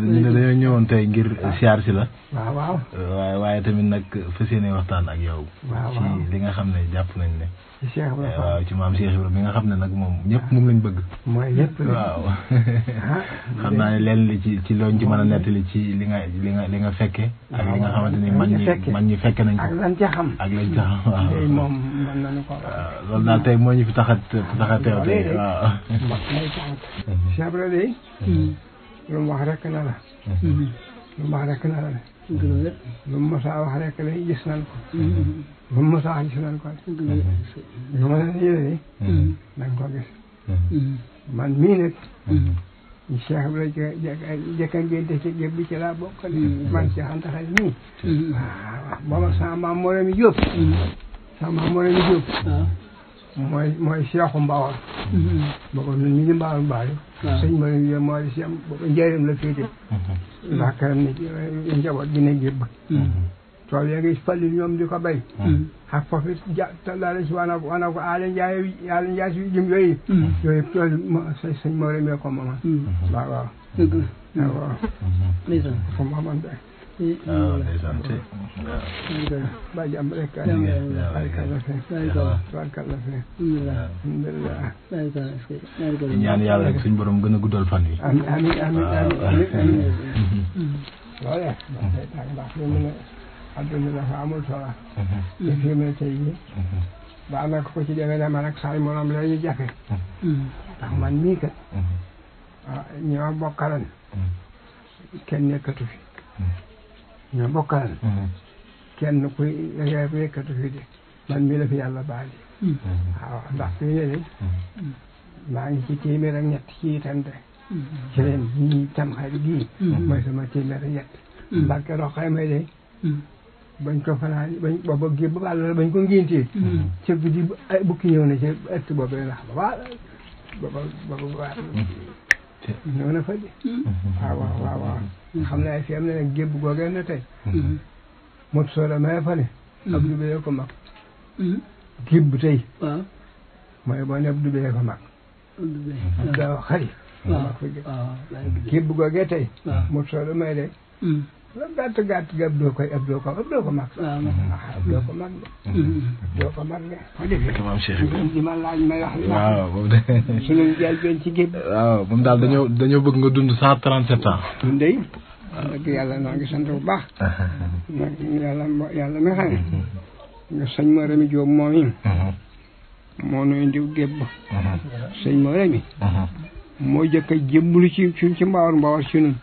ñu ne dañoo ñëwoon tey ngir ah. siyaar si la. waaw waaw waaye tamit nag fas yéene waxtaan ak yow. ci li nga xam ne jàpp nañ ne. ci waaw ci maam Cheikh Ibrahima mi nga xam ne nag moom ñëpp ah. moom lañu bëgg. mooy ñëpp waaw. Ah. xam naa ne leen li ci ci loñ ci mën a nettali ci li li li nga fekke ak ñi man nañ ko. ak lañ ca xam ak lañ ca xam waaw. tey loolu daal tey moo ñu fi taxat taxateew tey waaw. lu mu wax rek na la. Mhm. lu mu wax rek na la lu mu mos a wax rek de gis ko. Mhm. lu mu mos a wax ko lu ma leen yéene. Mhm. nañ ko gis. man mii nag. cheikh bi la jëkka génte ci géb bi ci laa ma ah, sama maam moo mooy mooy seexu Mbawar. Mm-hmm. booba ñun ñu ngi Mbawar Mbaayu. waaw sëñ ma mooy seex booba njëriñ la féete. Mm-hmm. ndax kanam ni njaboot gi ne gébb. Mm-hmm. tool ngi falli ñoom di ko béy. ak foofu it ja si wane ko wane ko Aliou Ndiaye Aliou Ndiaye si jëm yooyu. ko moom. waaw waaw day sant waaw. ba ñaan yàlla rek suñu borom gën a guddal fan yi. amiin amiin amiin loole ndax fi mu ne adduna dafa amul solo li fi mu ne tey jii daanaka ko ci demee dama rek saay morom la jafe ndax man mii kat ñoo bokkaloon kenn nekkatu fi ñoo bokkaale mm-hmm. kenn kuy dangay bu nekkatu fii man mii la fi yàlla baal yi mm-hmm. waaw ndax fii de mm-hmm. maa ngi ci téeméer ak ñett ci itam de ci leen ñi tamxarit gii mooy sama téeméer ak ñett mbarke roxay may de bañ ko fanaan bañ booba ba bàll la bañ ko ngéntee ci guddi bukki ñëw na ci ëtt boobu la xam ba booba noonu fa di mm-hmm. ah, waaw waaw waaw waaw mm-hmm. xam fi am na nag gébb googee na tey mm-hmm. mot soola mae fale ab dubee ko mag gébb tey waaw mooy boo ne ab dubee ko mag ab daaw xari fa gébb gébb googee tey mot soola may de la gàtt gàtt gi ab doo koy ab doo ko ab doo ko mag sax. waaw ab doo ko mag de. ab mm-hmm. mm-hmm. doo ko mag de. ma dégg maam Cheikh li ma laaj may wax. waaw moom de. suñu jaay benn ci géej. waaw moom daal dañoo dañoo bëgg nga dund cent trente sept ans. dund yi. waaw dëgg yàlla naa ngi sant bu baax. nag yàlla yàlla mi xam ne. Mm-hmm. nga sëñ ma Rémi Diop moom yi. moo nu indiw géej ba. sëñ ma Rémi. moo jëkk a jëmbulu ci ci mbawar mbawar ci ñun.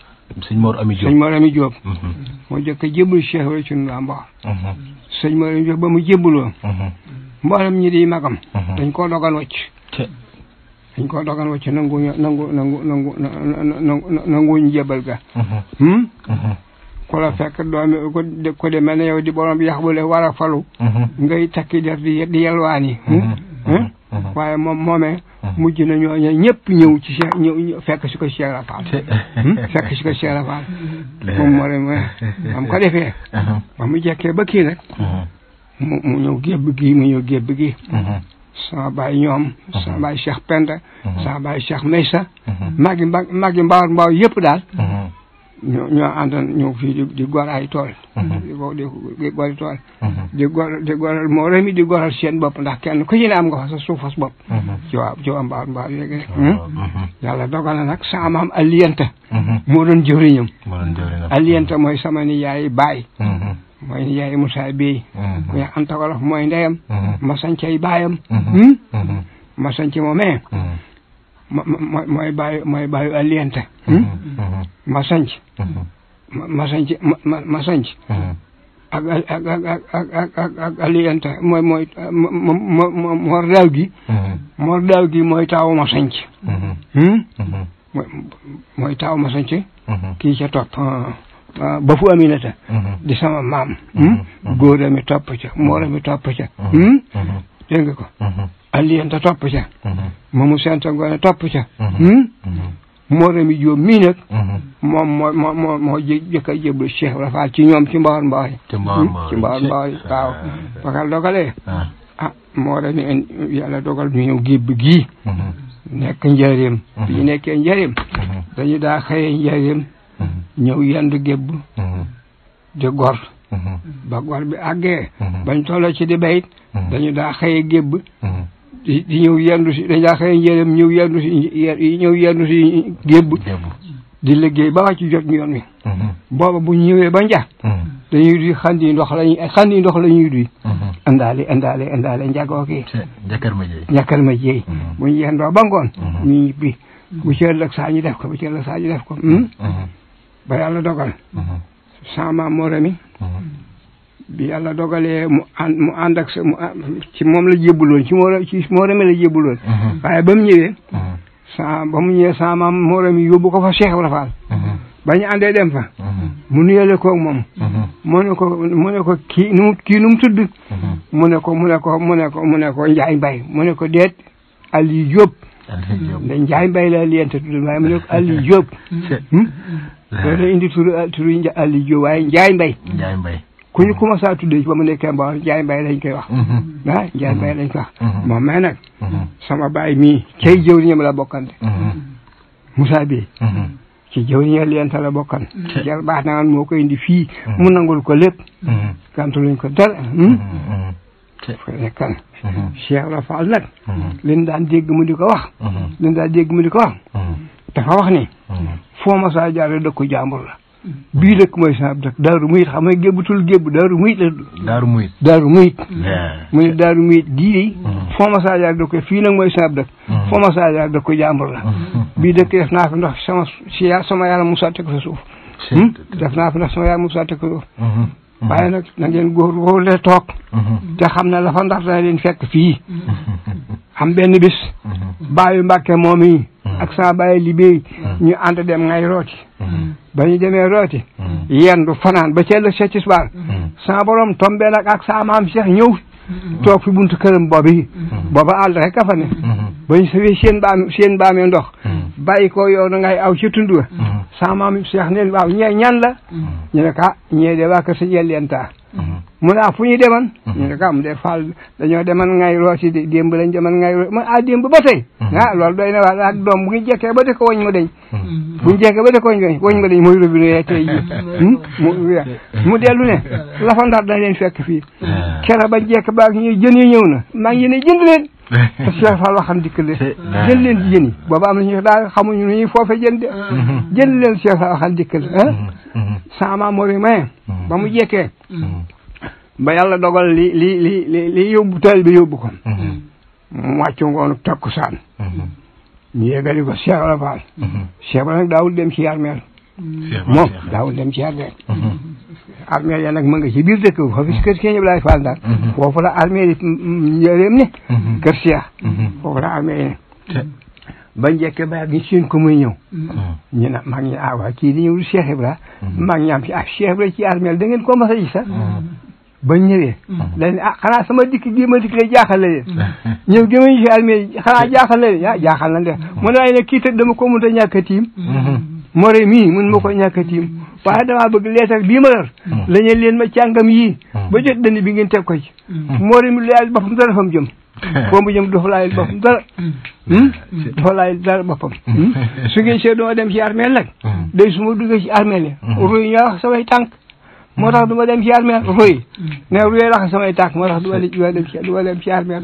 sëñ Mor Ami Diop sëñ Mor Ami Diop. Mm-hmm. moo jëkk a jébul Cheikh Ibrahima Thioune Bamba. Mm-hmm. sëñ Mor Ami Diop ba mu jébuloo. Mm-hmm. mboolem ñi di magam. dañ koo dogal wàcc. dañ koo dogal wàcc nangu nangu nangu nangu nangu nanguñu jébal ga. Hmm? ku la fekk doomi ko ko demee ne yow di borom yax bu le war a falu. ngay takki der di di yelwaani. Hmm? waaye moom moomee mujj na ñoo ñëpp ñëw ci Cheikh fekk si ko Cheikh Rafaal hmm? fekk si ko Cheikh Rafaal moom moo leen am ko defee uh-huh. ba mu jekkee ba kii nag uh-huh. mu mu ñëw gébb gi mu ñëw gébb gi uh-huh. sama baay ñoom sama baay Cheikh Penda sama baay Cheikh Maysa magi magi mbaaw mbaaw yëpp daal ñoo ñoo àndoon ñëw fii di di gor ay tool. Mhm. di go di di gor mhm. di moo rëmi di goral seen bopp ndax kenn ku ci ne am nga fa sa suufas bopp. Mhm. ci waa ci waa mbaaru mbaaru yeeg rek. Hmm? yàlla dogal na nag sama maam Aliyanta. moo moo doon jëwriñam Aliyanta mooy sama ni yaay baay. mooy ni yaay Moussa Bey. mu ne Anta Wolof mooy ndeyam. ma sañ cay baayam. Hmm? ma sañ ci moomee. mooy bàyyi mooy bàyyi alliante hmm? Hmm? ma sanc ma hmm. sanc ma ma sanc ak ak ak ak ak alliante mooy mooy moor daaw gi moor daaw gi mooy taaw ma sanc mooy taaw ma sanc kii ca topp ah, ah, ba fu aminata di sama maam góor ami topp ca moor ami topp ca dégg nga ko alliyanta topp ca moomu mm-hmm. senta ngoone topp ca mm-hmm. hmm? mm-hmm. moo remi jóob mii moo moo moo moo jëkk a ci ñoom ci mbawoon mbawoy ci mbawoon hmm? mbawoy waaw bakal ah. dogalee ah, ah moo remi dogal ñu ñëw gébb gii nekk njëriñ bi ñu nekkee njëriñ dañu daa xëyee njëriñ ñëw yendu gébb di gor ba gor bi àggee bañ tolloo ci di bayit dañu daa gébb di ñëw yendu si dañ daa xëy njëriñam ñëw yendu si ñëw yendu si gébb di liggéey ba wàcc jot ñu yoon wi mm-hmm. booba bu ñëwee ba njax mm-hmm. dañuy duy xan ndox lañuy xandi ndox la ñuy duy andaale mm-hmm. andaale andaale njagoo kii ma jeey bu ñu yendoo ba ngoon ñu ñibbi bu ci ëllëg saa ñu def ko bu ci ëllëg saa def ko hmm? ba yàlla dogal sama moorami bi yàlla dogalee mu mu ànd ak sa ci moom la jébbaloon ci moo ci moo reme la jébbaloon mm-hmm. waaye ba mu ñëwee mm-hmm. sa ba mu ñëwee sa yóbbu ko fa Cheikh Ibra Fall mm-hmm. ba ñu àndee dem fa mu nuyale koog moom mu ko mu ne ko kii nu mu kii nu tudd mu ne ko mu ne ko mu ne ko mu ne ko Njaay Mbay mu ne ko deet Aliou Diop da Njaay Mbay la liyente tudd waaye mu ko Aliou hmm? indi turu turu Aliou Diop waaye Njaay ku ñu commencé a tuddee ci ba mu nekkee mboor Njaay Mbay lañ koy wax mhm. ah Njaay Mbay lañ koy wax mhm. Mhm. moom mais nag sama baay mii cay jëw ñam la bokkante Moussa bi ci jëw ñal yenta la bokkan jël baax na moo koy indi fii mu nangul ko lépp kantu luñ ko dara hmm? ko nekkan Cheikh nag liñ daan dégg mu di ko wax liñ daan di ko wax dafa wax ni foo ma saa di dëkku jàmbur la bii dëkk mooy sama dëkk daaru muyit xam nga gébbatul daaru muyit daaru muyit mu ne daaru muyit gii foo ma saa yàgg da fii nag mooy sama dëkk mm. foo mm. bii dëkk def naa fi ndox sama si sama yaram mu hmm? def naa fi ndox sama yaram mu sotti ko suuf mm-hmm. Mm-hmm. waaye nag na ngeen góor góorle toog mm-hmm. te xam ne la fa ndax dana leen fekk fii xam benn bis bàyyi mbàkke moom yi ak sama bàyyi liggéey ñu ànd dem ngay rooti ba ñu demee rooti hmm. yendu fanaan ba ceellëg sa tisbaar hmm. sa borom tombee nag ak sa maam ñëw hmm. toog fi buntu këram boobi booba àll rek ka fa ne ba ñu sawee baamee ndox bàyyi ko yow na ngay aw ci tund wa sa maam neen waaw ñee ñan la ñu ne ka ah, ñee de waa kër sa jellentaa mu ne ah fu ñu deman mhm. ñu ne ko am ah, de Fall dañoo deman ngay rooti di démb lañ deman ngay rooti mu ah démb ba tey mhm. ah loolu doy na waar ak doom bu ñu jekkee ba de ko wañ ma deñ mhm. bu ñu jekkee ba de ko wañ ma deñ wañ ma deñ mooy robinet hmm? mu delu ne lafandar dañ leen fekk fii ah. kere ba jekk baak ñuy jën yi ñëw na maa ngi ne leen Cheikh Fall waxam dikk leen jël leen ci jën yi booba am nañu daa xamuñu nu ñuy foofe jën de mm-hmm. jël leen Cheikh Fall waxam dikk leen mm-hmm. sama moo fi mm-hmm. ba mu jekkee ba yàlla dogal li li li li li yóbbu taal bi yóbbu ko mu wàccu ngoonu takkusaan ñu yeggali ko Cheikh Fall Cheikh Fall nag daawul dem ci yarmeel moom daawul dem ci yarmeel armeel ya nag ma nga ci biir dëkk bi foofu si kër Sëñ Ablaye Fall daal mhm. Mhm. foofu la armeel yi njëreem ne mhm. kër Cheikh foofu armeel yi ne ba njëkk ba gi seen ko muy ñëw mag ñi ah waa kii di ñëwul Cheikh Ibra mag ñi am ci ah Cheikh ci armeel da ngeen ko mas a gis sax bañ ñëwee dañ ah xanaa sama dikk gii ma dikk la jaaxal la leen ñëw gi ma ñu armeel xanaa jaaxal la leen ah jaaxal na de mu ne ay ne kii tëdd dama ko mënut a ñàkk a more mii mun ma ko ñàkk a tiim hmm. waaye damaa bëgg leetar bii ma yor hmm. leen ma càngam yi hmm. ba jot dani bi ngeen teg ko ci more mi lu yàlla boppam dara fam jëm foo mu jëm dafa laayul boppam dara dafa laayul dara boppam su ci armeel nag day su ma duggee ci armeel yi ruy ñoo wax samay tànk moo tax du ma dem ci armeel ruy ne ruy rax samay tànk moo tax du ma du ma dem ci armeel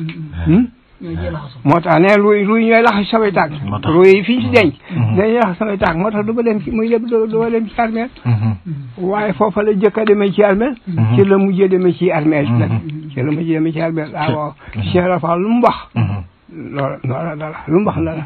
moo tax ne ruuy ruuy ñooy laxas samay tànk ruuy fii ci denc dañuy laxas samay tànk moo tax du ma dem ci muy armeel waaye foofa la jëkk a demee ci armeel ci la mujjee demee ci armeel nag ci la mujjee demee ci armeel waaw Cheikh Rafal lu mu wax loola loola dara lu mu wax dara.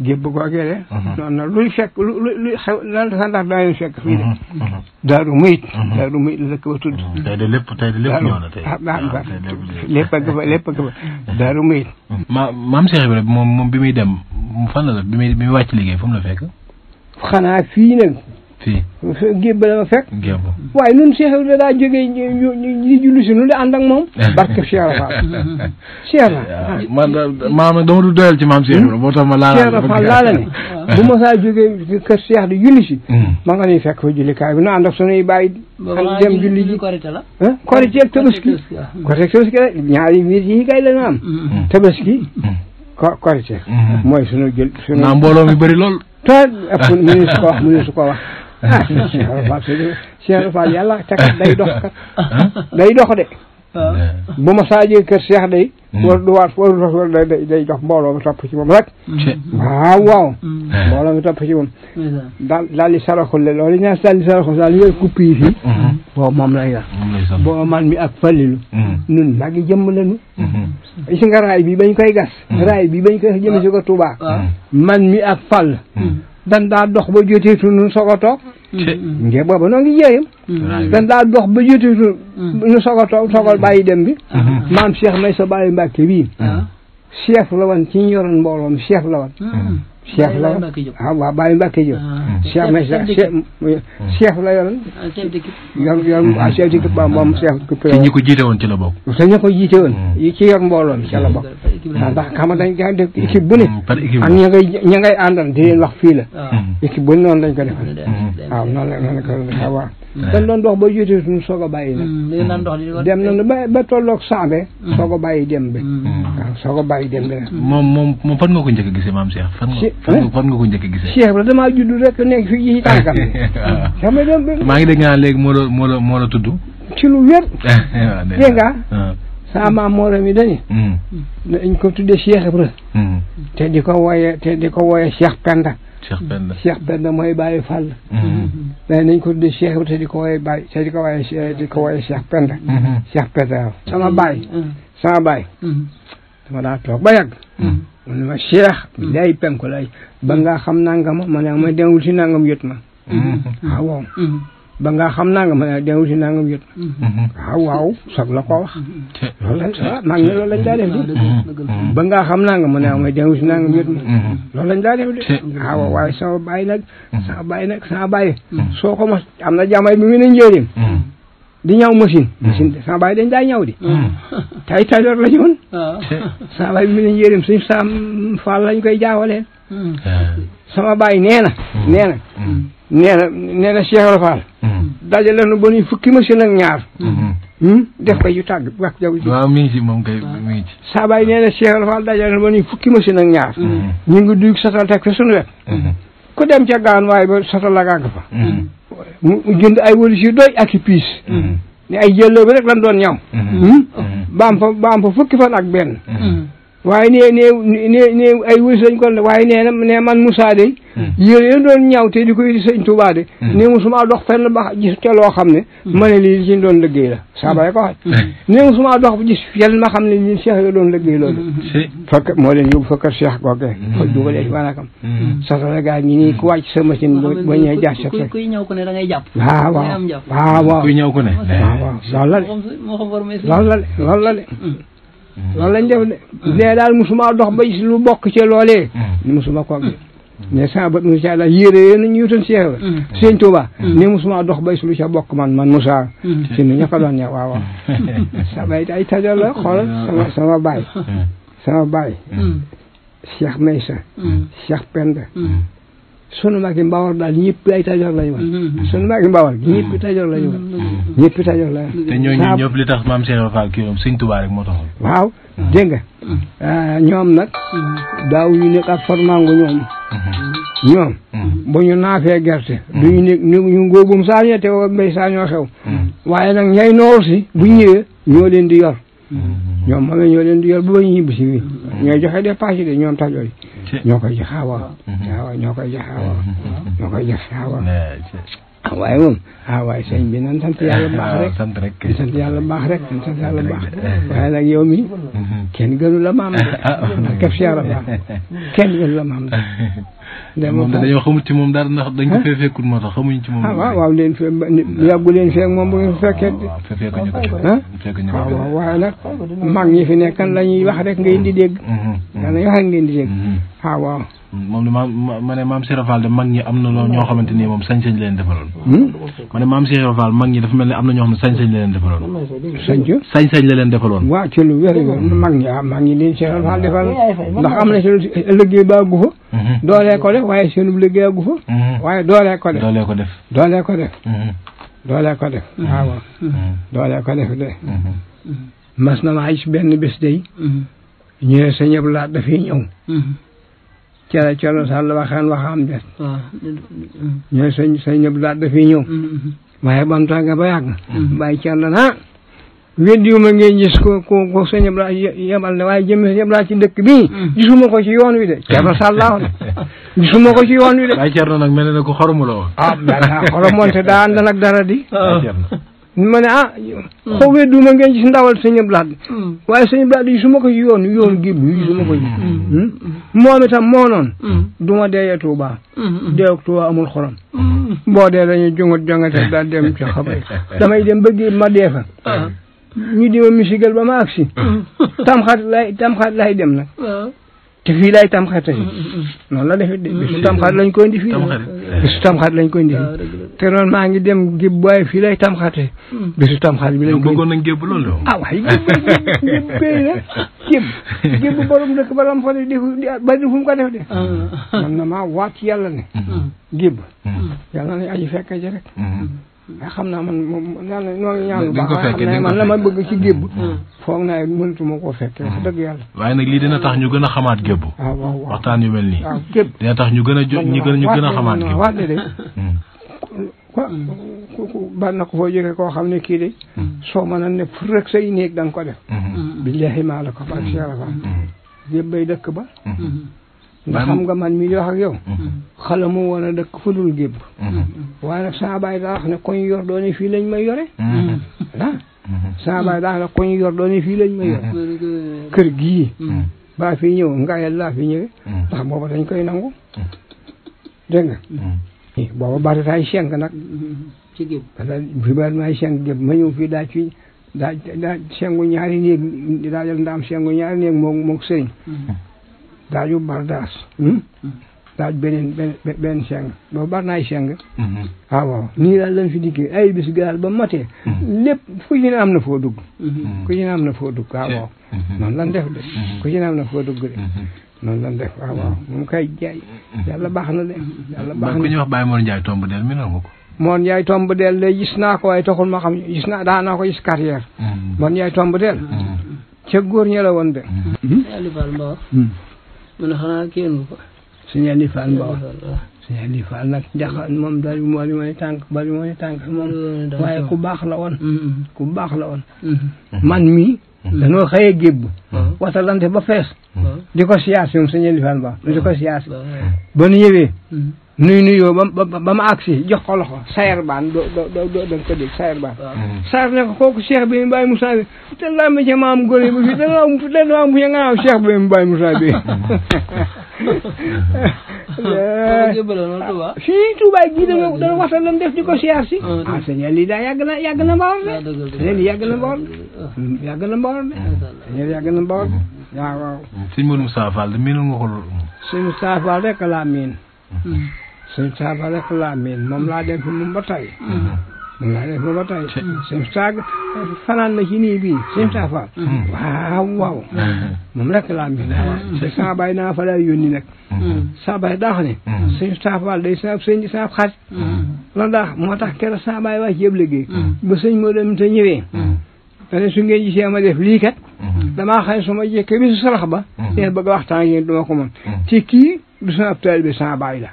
gébb mm-hmm. googee de. Mm-hmm. luy fekk lu luy xew lan sax ndax daa leen fekk. fii de. Mm-hmm. daaru muyit. daaru muyit la ko tudd. tey de lépp tey de lépp ñëw a gëfa lépp a gëfa daaru muyit. ma maam moom moom bi muy dem fan la la bi muy bi liggéey fu mu la fekk. xanaa fii nag. fii gébb la ma fekk waaye nun Cheikh Ibra daa jógee di si nu di ànd moom barke Cheikh Ibra Fall Cheikh Ibra uh, dama du doyal ci maam Cheikh Ibra ma laa la ne bu ma saa jógee kër Cheikh di julli si mm. ma nga nuy fekk fa jullikaay bi nu ànd ak sunuy bàyyi ànd dem julli ji korite la korite tabaski korite ak tabaski la ñaari wiir yi kay la ñu am mm. Mm. tabaski korite mooy sunu jël sunu naa mbooloo mi bëri lool te ëpp mënu su ko su ko wax ah Cheikh Alpha yàlla ca kat day dox kat. Ah? day ah. Ah. bu ma saajee kër Cheikh day. Hmm. war du waat war day day dox mbooloo mi topp ci moom rek. waaw waaw. Hmm. Hmm. mbooloo mi topp ci moom. daal daal di saraxul la loolu ñaar daal di saraxul daal di yor raay bi bañ koy gas. raay bi bañ koy jëmee si ko Touba. man mi ak Fall. dan daa dox ba joteetu nu soog a nge booba noo ngi jéeyam dan daa dox ba joteetu mm. nu soog a toog soog a mm. bàyyi dem bi mm-hmm. Mm-hmm. maam Cheikh may sa bàyyi Mbàkke bii ah. chef la woon ci ñu yoroon mbooloom cheikh la ah waaw Baye Mbacke Diop. Ah, cheikh na ah. cheikh la yoroon. chef d'équipe. yor yor ah chef d'équipe ba mm. ah, moom chef. te ñi ko jiite woon ci la bokk. te ñi ko jiite woon. Mm. yi ci yor mbooloon ci la bokk. Mm. ndax xam nga dañ koy def équipe bu ne. ak ña ngay ña ngay àndal di leen wax fii la. équipe bu ne noonu lañ ko defal. waaw noonu la noonu la ko waaw. Eh. dañ doon dox ba jiite suñu soog a bàyyi mm, nag dem nañu ba ba tolloog saabe mm. soog a bàyyi dem bi mm. waaw soog a bàyyi dem bi nag moom moom moom fan nga ko njëkk a gisee maam Cheikh fan nga eh? ko njëkk a gisee Cheikh la damaa judd rek nekk fi ji tànkam xam nga maa ngi dégg naa léegi moo la moo moo la tudd ci lu wér dégg saa ah. sa maam moorom yi dañu dañ ko tuddee Cheikh Ibra te di ko wooye te di ko wooye Cheikh Penda Cheikh Penda Cheikh Penda mooy bàyyi fàll mais nañ ko tuddee Cheikh ko woowee di ko woowee di ko woowee mm-hmm. mm-hmm. sama baay mm-hmm. sama Baye. dama daa toog ba yàgg. mu ne ma Cheikh. lay penku lay ba nga xam nangam ma ne ma dem wuti nangam yot ma. Ah, waaw. ba nga xam nangam dem si nangam yëpp. waaw mm-hmm. ah, waaw soog la ko wax. Mm-hmm. Ah, maa ngi ne loolu lañ daa def di. Mm-hmm. ba nga xam nangam ne ma dem si nangam yëpp. loolu lañ daa def di. Ah, waaw waaye sama baay nag. sama baay nag sama baay. soo ko mos am na jàmbay bi mu ne njëriñ. di ñaw machine. machine sama baay dañ daa ñaw di. tay tay loolu la sama baay bi mu lañ koy jaawalee. sama baay nee na. nee na nee na Cheikh Ibra Fall. Hmm. dajale nu ba fukki machine ak ñaar. Hmm. Hmm? def ko yu tàgg wax jaww ji. waaw mi ngi ci moom kay mi ngi ci. saa baay nee na Cheikh Ibra Fall dajale nu ba nuy fukki machine ak ñaar. ñu ngi dugg satal teg fi suñu wet. ku dem ca gaan waaye satal la gàgg fa. mu ay wëlis doy ak i piis. ay jëlloo bi rek lan doon ñam. baam fa fukki fan ak ben waaye nee nee nee nee ay wërs lañ ko waaye na nee man Moussa de hmm. yéen yéen doon ñaaw te di ko indi sëñ Touba de hmm. nee musuma dox fenn ba loo xam ne hmm. ma lii li ci doon liggéey la saaba ya ko wax nee musuma dox bu gis fenn ma xam ne lii Cheikh yo doon liggéey loolu fakk moo leen yóbbu fakkar Cheikh googee ñi ku wàcc sa machine ba ñëwee jaas sa kuy ñëw ko ne dangay jàpp waaw waaw waaw waaw kuy la de loolu la de Mm. loolu lañ def ne daal musuma dox ba gis lu bokk ci loolee mm. musuma ko mais mm. sama bët mu ca la yére yéen ñu yutoon Cheikh la Sëñ Touba ne musuma dox ba gis lu ca bokk man man Moussa ci nu ña ko doon ñe waaw waaw sa bay ay tajal la xoolal sama sama baay sama baay Cheikh Maysa Cheikh Penda sunu mag yi Mbawar daal ñëpp ay Kajoor lañu woon. Mm-hmm. sunu mag yi Mbawar ñëpp Kajoor mm-hmm. mm-hmm. lañu woon. te ñooñu ñëpp li tax maam Cheikh Fall kii moom Sëñ Tuubaa moo taxoon. waaw nga ah, ñoom nag daaw ñu nekk ak formango ñoom. ñu naafee gerte. duñu nekk ñu ngóobum saa ñettee wala mbéy saa ñoo xew. waaye nag ñay nool si bu ñëwee ñoo leen di yor. Mm-hmm. ñoom ma nga ñoo leen di yor ba ba ñu ñibbi si bi mm-hmm. ñooy joxe dépense de ñoom tajoor yi ñoo koy joxe waaw waaw mm-hmm. ñoo koy joxe waaw ñoo koy joxe waaw ah waaye moom ah waaye sëñ bi nan sant yàlla baax rek ah, sant rek di rek di sant yàlla baax waaye nag yow mi kenn gënu la maam de ndax ah, kef gënu la maam moom dañoo xamul ci moom dara ndax dañ ko fee fekkul moo tax xamuñ ci moom waaw waaw leen fe yàggu leen feeg moom bu ngeen fekkee fekkuñu ko fekkuñu ko waaw waaye nag mag ñi fi nekkan la ñuy wax rek ngeen di dégg la ñuy wax rek ngeen di dégg waaw waaw moom de maam ma ne maam Cheikh Fall de mag ñi am na loo ñoo xamante ni moom sañ-sañ leen defaloon. Hmm? ma ne maam Cheikh Fall mag ñi dafa mel ne am na ñoo xam ne sañ-sañ la leen defaloon. sañ-sañ sañ-sañ la leen defaloon. waaw ci lu wér mag ñi ah mag ñi li Cheikh Fall defal ndax am na seen liggéey ba gu fa. Mhm. doolee ko def waaye seen liggéey a gu fa. Mhm. waaye doolee ko def doolee ko def. doolee ko def. Mhm. doolee ko def waaw doolee ko def de. mas na maa gis benn bés day. ñu ne sa ñëpp laat dafay ñëw. cere cere sàll waxaan waxaam des ah, ñooy sëñ sëñ ñëpp daal dafay ñëw mm, mm, mm. waaye ba mu tàgg ba yàgg bàyyi cere naa weddiwuma ngeen gis ko ko ko sëñ ñëpp daal yebal ne waaye jëmmi sëñ ñëpp daal ci dëkk bii gisuma ko ci yoon wi de cere sàll laa wax gisuma ko ci yoon wi de bàyyi cere nag mel na ko xoromu la woon ah xoromonte daa ànd nag dara di ma ne ah. Mm. xaw ma duuma ngeen gis ndawal sëñ Abdou mm. waaye sëñ Abdou Lahad suma su ma ko yoon yoon gi yi mm. su ma ko yoon. Hmm? moom itam moo noonu. du ma deeyee Tuuba. deew Tuuba amul xorom. boo dee dañuy jungut jongate daal dem ci xabay damay dem bëgg ma dee fa. Ah. ñu di ma musigal ba ma agsi. tamxaat lay lay dem nag. Ah. te fii laay tamxate mm, mm, mm. noonu la defit de bisu tamxat lañ koy indi fii bisu tamxat lañ koy indi fii ah, te noonu maa ngi dem gébb waaye fii lay tamxate bisu tamxat bi lañ koy bëggoon nañ gébb loolu ah waay gébb gébb kay la gébb gébb borom dëkk ba lam fa di def ba fu mu ko def de ah. man na maa waat yàlla ne gébb yàlla na aji fekke ji rek mais xam naa man moom yàlla noo ngi ñaan bu baax xam naa man bëgg ci gébb hmm. Hmm. foog naa mëntu ma ko fekkee hmm. wax dëgg yàlla waaye nag lii dina tax ñu gën a xamaat gébb ah, waaw waxtaan yu mel nii waaw ah, gébb dina tax ñu gën a ñu ñu a xamaat gébb waat ku na ko foo jógee koo xam ne kii de soo mën a ne fu rek say néeg da ko def billahi maa la ko barke yàlla fa gébbay dëkk ba ndax xam nga man mi di wax ak yow mhm. xala mu woon a dëkk fu dul gébb mhm. waaye sama baay daa wax ne yor doone fii lañ may yore ah sama baay daa wax ne koñ yor doone fii lañ may yore mhm. Ah. kër fi ñëw ngayel laa fi ñëwee ndax dañ koy nangu dégg nga booba barataay ceng nag ci gébb fi barataay ceng ma ñëw fii daa ci daa daa sengu ñaari néeg daa jël ndaam sengu ñaari néeg moo moog daaju bar daas hmm? daaj beneen benn benn seng boobu bar naay seng waaw hmm. ah, waaw nii daal fi dikkee ay bis gaal ba matee hmm. lépp ku ci ne am na foo dugg ku ci ne am na foo dugg ah, waaw lan def de ku ci ne am na foo dugg de noonu lan def ah, moom kay jaay yàlla baax na de yàlla baax na ku ñuy wax Baye Mor Ndiaye tomb del mi de gis naa ko waaye taxul ma gis naa daa naa moon yaay tomb del ca góor ña la de mu ne xanaa kenn ko. suñu Aliou Fall Mbawar suñu Aliou Fall nag jaxal moom daal bari mooy tànk bari mooy tànk moom waaye ku baax la woon. Mm-hmm. ku baax la woon. Mm-hmm. man mii. Mm-hmm. dañoo xëyee gébb. watalante ba fees. di ko siyaas moom suñu Aliou Fall Mbawar di ko ba nu ñëwee. nuy nuyoo ba ba ba ma agsi jox ko loxo sayar baan doo doo doo da nga ko dégg sayar baan. Ah. sayar ne ko kooku cheikh bi mu bàyyi Moussa bi te laa ma ca maam góor bi te laa te laa mu nga cheikh bi mu bàyyi Moussa bi. Ah, fii Touba gii da nga da nga waxtaan lan def di ko siyaar si. ah, ah sëñ lii daa yàgg na yàgg na Mbawar de. sëñ lii yàgg na Mbawar de. yàgg na Mbawar de. sëñ yàgg na Mbawar de waaw waaw. sëñ Modou Moustapha Fall miinu nga ko loolu. sëñ Moustapha Fall rek laa miin. Hmm. sëñ Saaba rek laa miin moom laa def moom ba mm-hmm. moom laa def moom ba tey. Mm-hmm. sëñ Saaba fanaan na ci nii bii sëñ Saaba. Mm-hmm. waaw waaw. moom rek laa miin. te Saaba yi naa fa lay Saaba yi saab xarit. loolu daax moo tax keroog Saaba yi wax yëpp ba sëñ moo dem te ñëwee. dane su ngeen gisee ma def lii kat. damaa xam su ma jékkee bi su sarax ba. ngeen bëgg a waxtaan ak yéen du sama ab taalibe sama baay la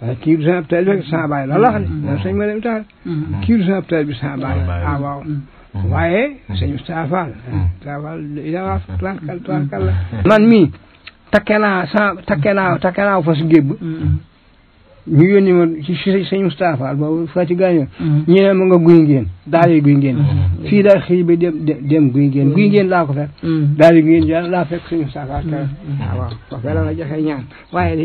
waaye kii du sama ab taalibe sama baay la loolu wax de loolu sëñ ma dem taal kii du sama ab taalibe sama baay la ah waaw waaye sëñ saafal saafal yawaaf tuwaarkal tuwaarkal la man mii takke naa sa takke naa takke naa fas gébb mhm. ñu yónni ma ci sëñ Moustapha boobu fa ci gaañoo ñu ne nga guy ngeen daal di guy ngeen fii daal xëy ba dem dem guy ngeen guy ngeen laa ko fekk daal di guy ngeen laa fekk sëñ Moustapha waaw waaw waaw la joxe ñaan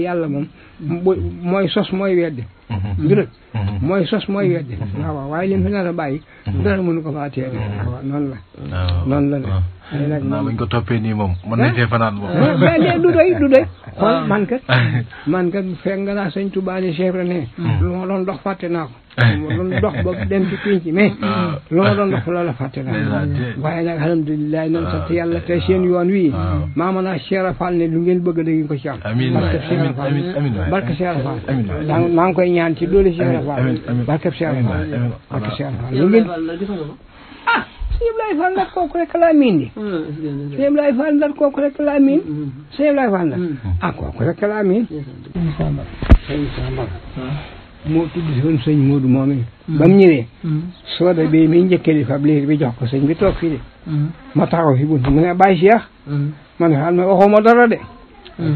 yàlla moom mooy sos mooy weddi mhm. mbir mhm. mooy sos mooy weddi mhm. waaw waaw waaye lim fi nar a bàyyi dara mënu ko faa teere waaw noonu la ah, noonu la de ah. nag naa lañ ko toppee nii moom mën nañ eh? cee fanaan moom eh, mais du doy du doy ah. man kat man kat fekk nga naa sëñ Tuubaa ni Cheikh ne hmm. lu ma doon dox fàtte naa ko moo doon dox ba dem ci pénc mais lu ma doon dox loola fàtte la waaye nag alhamdulilah noonu sant yàlla te seen yoon wii maama naa Cheikh Rafal ne lu ngeen bëgg da ngeen ko ci am barkeb Cheikh Rafal barkeb Cheikh Rafal maa ngi koy ñaan ci doole Cheikh Rafal barkeb Cheikh Rafal barkeb Cheikh Rafal lu ngeen ah sëñ Ablaye Fall ndar kooku rek laa miin di sëñ Ablaye Fall ndar kooku rek laa miin sëñ Ablaye Fall ndar ah kooku rek laa miin sëñ Samba sëñ Samba moo tudd si woon moo Modou moom mm. ba mu ñëwee. Mm. sooda bi mi njëkkee di fab liir bi jox ko sëñ bi toog fii de. Mm. ma taxaw fi bunt mu ne bàyyi Cheikh. man xaaral ma waxoo ma dara de.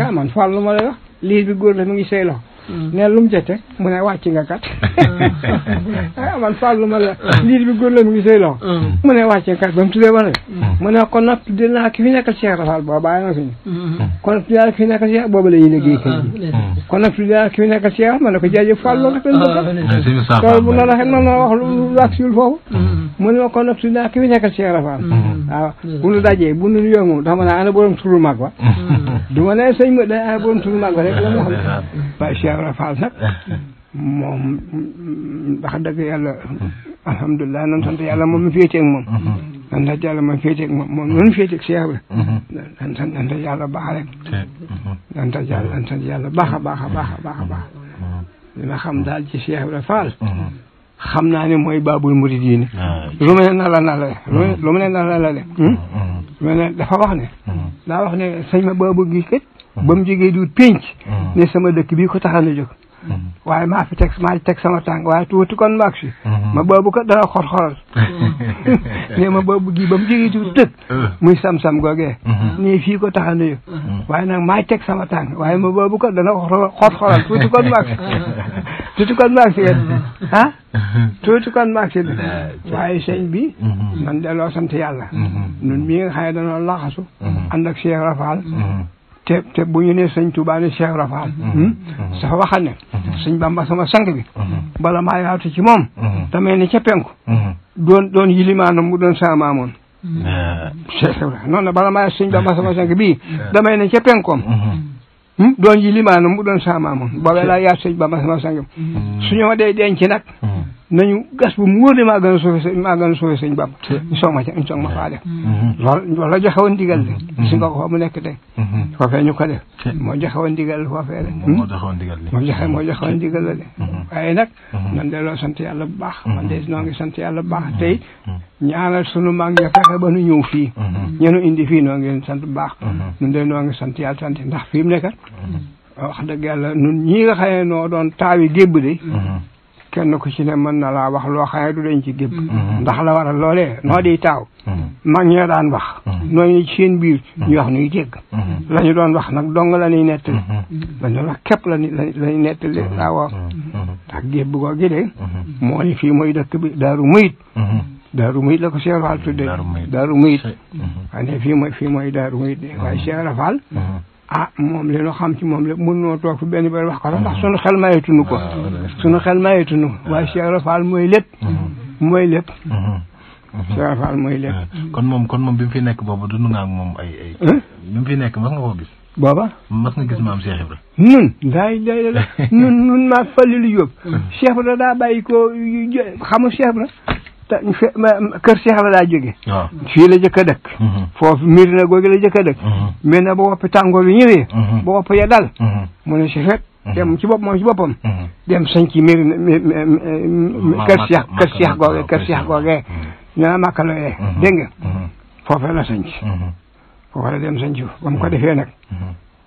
ah man fàllu ma lay wax liir bi góor la mu ngi say Mm. ne lu mu ca teg mu ne wàcc nga kat mm. ah, man Fallou ma la mm. liir bi góor la mu ngi sëy loo mu ne wàcc nga kat ba mu tuddee ba nag mu ne kon nag tuddee naa ki fi nekkal Cheikh Rafal booba bàyyi na fi ñu kon nag tuddee naa ki fi nekkal Cheikh booba la ñuy liggéey kër kon nag tuddee naa ki fi nekkal Cheikh ma ne ko jaajëf Fallou rek lañ bëgg loolu bu noonu waxee noonu wax lu wax siul foofu mu ne ma kon nag tuddee naa ki fi nekkal Cheikh Rafal waaw ah, bu nu dajee bu nu nuyoo moom dax ma naa ana borom turu mag ba du ma ne sëñ ma day ana borom turu mag ba rek la mu wax Ibra Fall nag eh. moom ndax mm, dëgg yàlla mm-hmm. alhamdulilah noonu sant yàlla moom mi féete ak moom mm-hmm. sant yàlla moom féete ak moom moom noonu féete ak Cheikh Ibra mm-hmm. dan sant sant yàlla baax rek dan sant yàlla dan sant yàlla baax a baax a baax a baax a baax li ma xam daal ci Cheikh Ibra Fall xam naa ne mooy baabul murid ah, yi ne lu mu ne nala nala lu mu ne nala nala hmm? lu mu ne dafa wax ne daa wax ne sëñ ma baabu gi kat ba mu jógee di mm. ne sama dëkk bii ko taxaan a jóg mm. waaye maa fi teg maa teg sama tànk waaye tuuti kon maag si mm-hmm. ma boobu ko dana xor-xoral mm-hmm. ne ma boobu gii ba mu jógee di mm. muy sam-sam googee mm-hmm. ne fii ko taxaan a jóg waaye nag maa teg sama tànk waaye ma boobu ko dana xor-xoral tuuti kon maag tuuti kon maag si ah tuuti kon maag si waaye sëñ bi man delloo sant yàlla nun mii nga xam ne danoo laxasu ànd ak Cheikh Rafal te te bu ñu nee sëñ Tuubaa ne Cheikh Rafaal dafa mhm. hmm? mhm. waxa ne mhm. sëñ Bamba sama sang bi bala maa yaatu ci moom damay ne ca penku doon doon yilimaanam mu doon sama maamoon Cheikh Rafaal noonu la bala maa sëñ Bamba sama sang bii damay ne ca penkoom hmm? doon yilimaanam mu doon sama maamoon boobee laa yaatu sëñ Bamba sama sang bi suñu ma dee denc nag nañu gas bu mu wóor ne maa gën a suufe sëñ maa gën a ma faa def loolu mm-hmm. mm-hmm. loolu joxe woon ndigal de mm-hmm. gis nga ko fa mu nekk tey foofee ñu ko def moo joxe woon ndigal foofee de moo hmm? joxe woon ndigal moo joxe moo joxe loo sant yàlla bu baax man de noo ngi sant yàlla bu baax tey ñaanal sunu mag ña fexe ba nu ñëw fii ñenu indi fii noo ngi leen sant baax ñun de noo sant yàlla sant ndax fi mu nekk wax dëgg yàlla nun ñi nga noo doon taawi gébb de kenn ku ci ne mën na laa wax loo xaye du dañ ci gépp mm-hmm. Mm-hmm. ndax la waral loole noo mm-hmm. di taaw mag ñoo daan wax nooy ci seen biir ñu wax nuy dégg la doon wax nag dong la ñuy nettali la ñu wax képp la lañuy nettali waawoo ndax gépp goo gi de moo ni fii mooy dëkk bi daaru muyit daaru muyit la ko Cheikh Fall tudde daaru muyit waaye ne fii ah moom li ñu xam ci moom lépp mën noo toog fi benn bari wax ko sax ndax sunu xel mayetunu ko sunu xel mayetunu waaye Cheikh Ibra Fall mooy lépp mooy lépp Cheikh Ibra Fall mooy lépp kon moom kon moom bi mu fi nekk boobu dund nga ak moom ay ay bi mu fi nekk mas nga koo gis booba mas nga gis maam Cheikh Ibra nun daay day la nun nun maa falilu yóbbu Cheikh Ibra daa bàyyi ko xamu Cheikh Ibra kër Cheikh la daa jóge fii la jëkk a dëkk mm-hmm. foofu miir na googi la jëkk a dëkk mm-hmm. mais na ba wopp tàngoor yu ñëwee mm-hmm. ba ya dal mu ne si fekk dem ci bopp moom ci boppam dem sañ ci miir kër Cheikh kër Cheikh googe kër Cheikh googe ñaa màkkaloyee dégg nga foofee la sañ foofu la dem sañ ba mu ko defee nag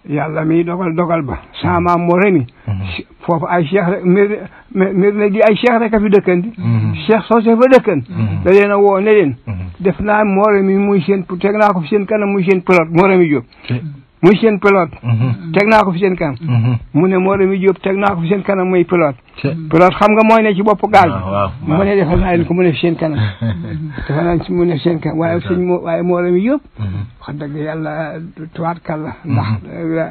yàlla mi dogal dogal ba saamaam moo re mhm. ni foofu ay cheikh rek mir mir ne ay cheikh rek a fi dëkkandi mhm. cheikh soose fa dëkkan mhm. da leen a woo ne leen def naa moore mi muy seen teg naa ko fi seen kanam muy seen plot moore mi jóg mu seen pilote. Mhm. teg naa ko fi seen kanam. Mhm. mu ne moo mi Diop teg naa ko fi seen kanam muy pilote. pilote xam nga mooy ne ci bopp gaal bi. Ah, mu ne defal naa leen ko mu ne fi seen kanam. defal ci mu ne fi seen waaye moo waaye moo mi Diop. Mhm. yàlla tuwaat kan la. ndax euh,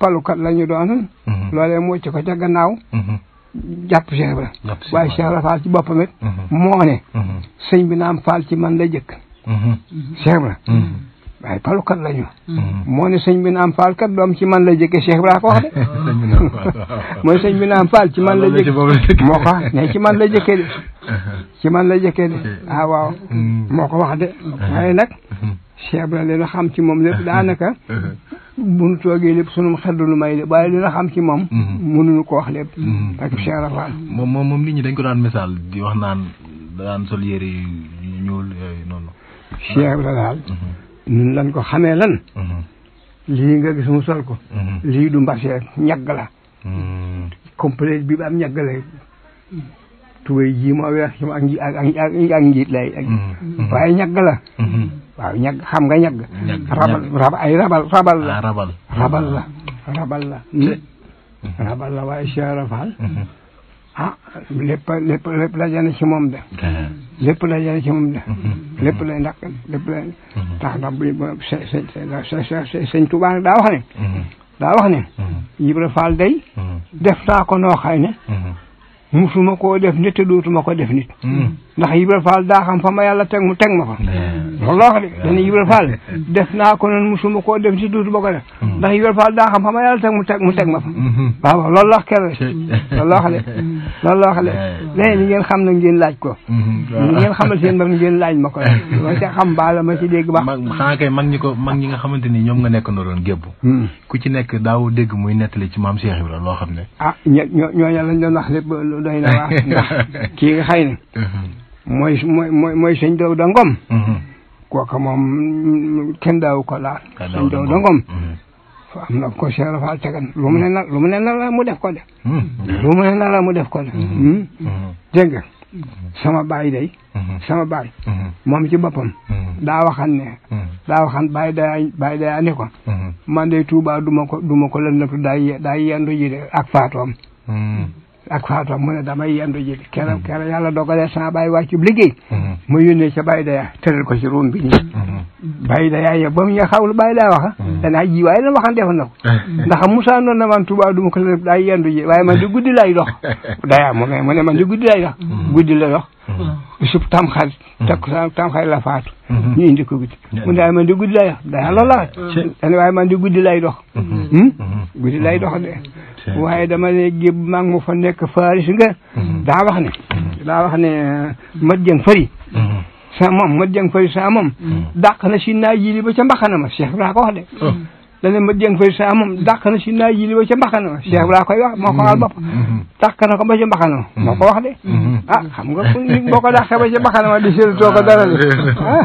palukat la doon. loolee moo ci ko ca gannaaw. jàpp Cheikh Ibra. waaye Cheikh ci bopp it. moo ne. sëñ bi naam Fall ci man la jëkk. waaye palukat la mm-hmm. moo ne sëñ bi naam faal kat doom ci man la jëkkee Cheikh Ibrahima ko wax de. mooy sëñ bi naam faal ci man la jëkkee moo ko ne ci man la jëkkee de. ci man la jëkkee de ah mm-hmm. moo ko wax de uh-huh. waaye nag. Mm-hmm. Cheikh Ibrahima li na xam ci moom lépp daanaka. Uh-huh. bu nu toogee lépp sunu xel du nu may lépp waaye li na xam ci moom. mënuñu ko wax lépp. parce que Cheikh Ibrahima. moom moom moom nit ñi dañ ko daan misaal di wax naan daan sol yére yu ñuul yooyu noonu. daal. ñun lan ko xamee lan mm-hmm. lii nga gis mu sol ko mm-hmm. lii du mbase ñag la mm-hmm. complet bi ba am ñagg la tubéy ji moo weex ci ak lay waaye ñagg la waaw ñagg xam nga ñag rabal rabal ay ah, rabal la rabal la rabal la rabal la waaye Cheikh ah lépp lépp lépp la jënd ci moom de. lépp la jënd ci moom de. lépp lay ndax lépp lay tax ndax bu ¿eh? ñu sëñ Tuubaa daa wax ne. daa wax ne. Ibra Faal day. def taa ko noo xay ne. musuma koo def nit te dootuma ko def nit. ndax Ibra Fall daa xam fa ma yàlla teg mu teg ma fa eh. loolu loo xam ne dana Ibra Fall def naa koo def si duutu ba ko hmm. ndax Ibra Fall daa xam fa ma yàlla teg mu teg mu teg ma fa hmm. Hmm. waaw waaw loolu la wax keroog loolu loo xam ne loolu loo xam ne léegi ni ngeen xam na ngeen laaj ko ni ngeen xamal seen bopp ngeen laaj ma ko eh. ma si xam baa la ma si dégg baax xanaa kay mag ñi ko mag ñi nga xamante ni ñoom nga nekk ndooroon gébb ku ci nekk daaw dégg muy nettali ci maam Cheikh Ibra loo xam ne ah ñoo ñoo lañ doon wax lépp doy na waax ndax kii nga xëy na mooy mooy mooy mooy sëñ Daouda Ngom. Mm-hmm. kooka moom kenn daaw ko laal. sëñ Daouda Ngom. Mm-hmm. am ko Cheikh Rafal tegan lu na mu la def ko de. lu mu la mu def ko de. Mm-hmm. dégg sama baay day. sama baay. moom ci boppam. daa waxan ne. daa waxan baay day baay ko. man de Touba du ma ko du ma ko lëndatu de ak faatoom. ak faato mu ne damay yendu ji keroog mm-hmm. keroog yàlla dogalee sama bàyyi wàccub liggéey mm-hmm. mu yónnee ca bàyyi daya tëral ko ci ruum bi nii mm-hmm. bàyyi daya yo ba mu ña xawul bàyyi daa waxa danaa ji waaye lan waxan defoon na ko eh. ndax Moussa noonu na man Touba du ma ko daay yendu ji waaye man di guddi lay dox daya mu ne mu ne guddi lay dox la Mm-hmm. suuf tam xarit. Mm-hmm. takku saa tam xarit la faatu. Mm-hmm. ñu indi ko guddi. mu daal man di guddi lay wax dana loolu lay dox. de. waaye dama ne géeb maa mu fa nekk faaris nga. daa wax ne. daa wax ne uh, mat jëng fari. sa moom mat jëng fari sa moom. na si naa ji li ba ca na ma Cheikh Ibrahima ko de. Oh. dane ma jéng fay sa moom dàq na si naa jili ba ca mbaxana ma cheikh laa koy wax moo ko waxal bopp mm-hmm. dàq na ko ba ca mbaxana ma moo ko wax de mm-hmm. ah xam nga nit boo ko dàqee ba ca mbaxana ma di seet too ko dara de ah.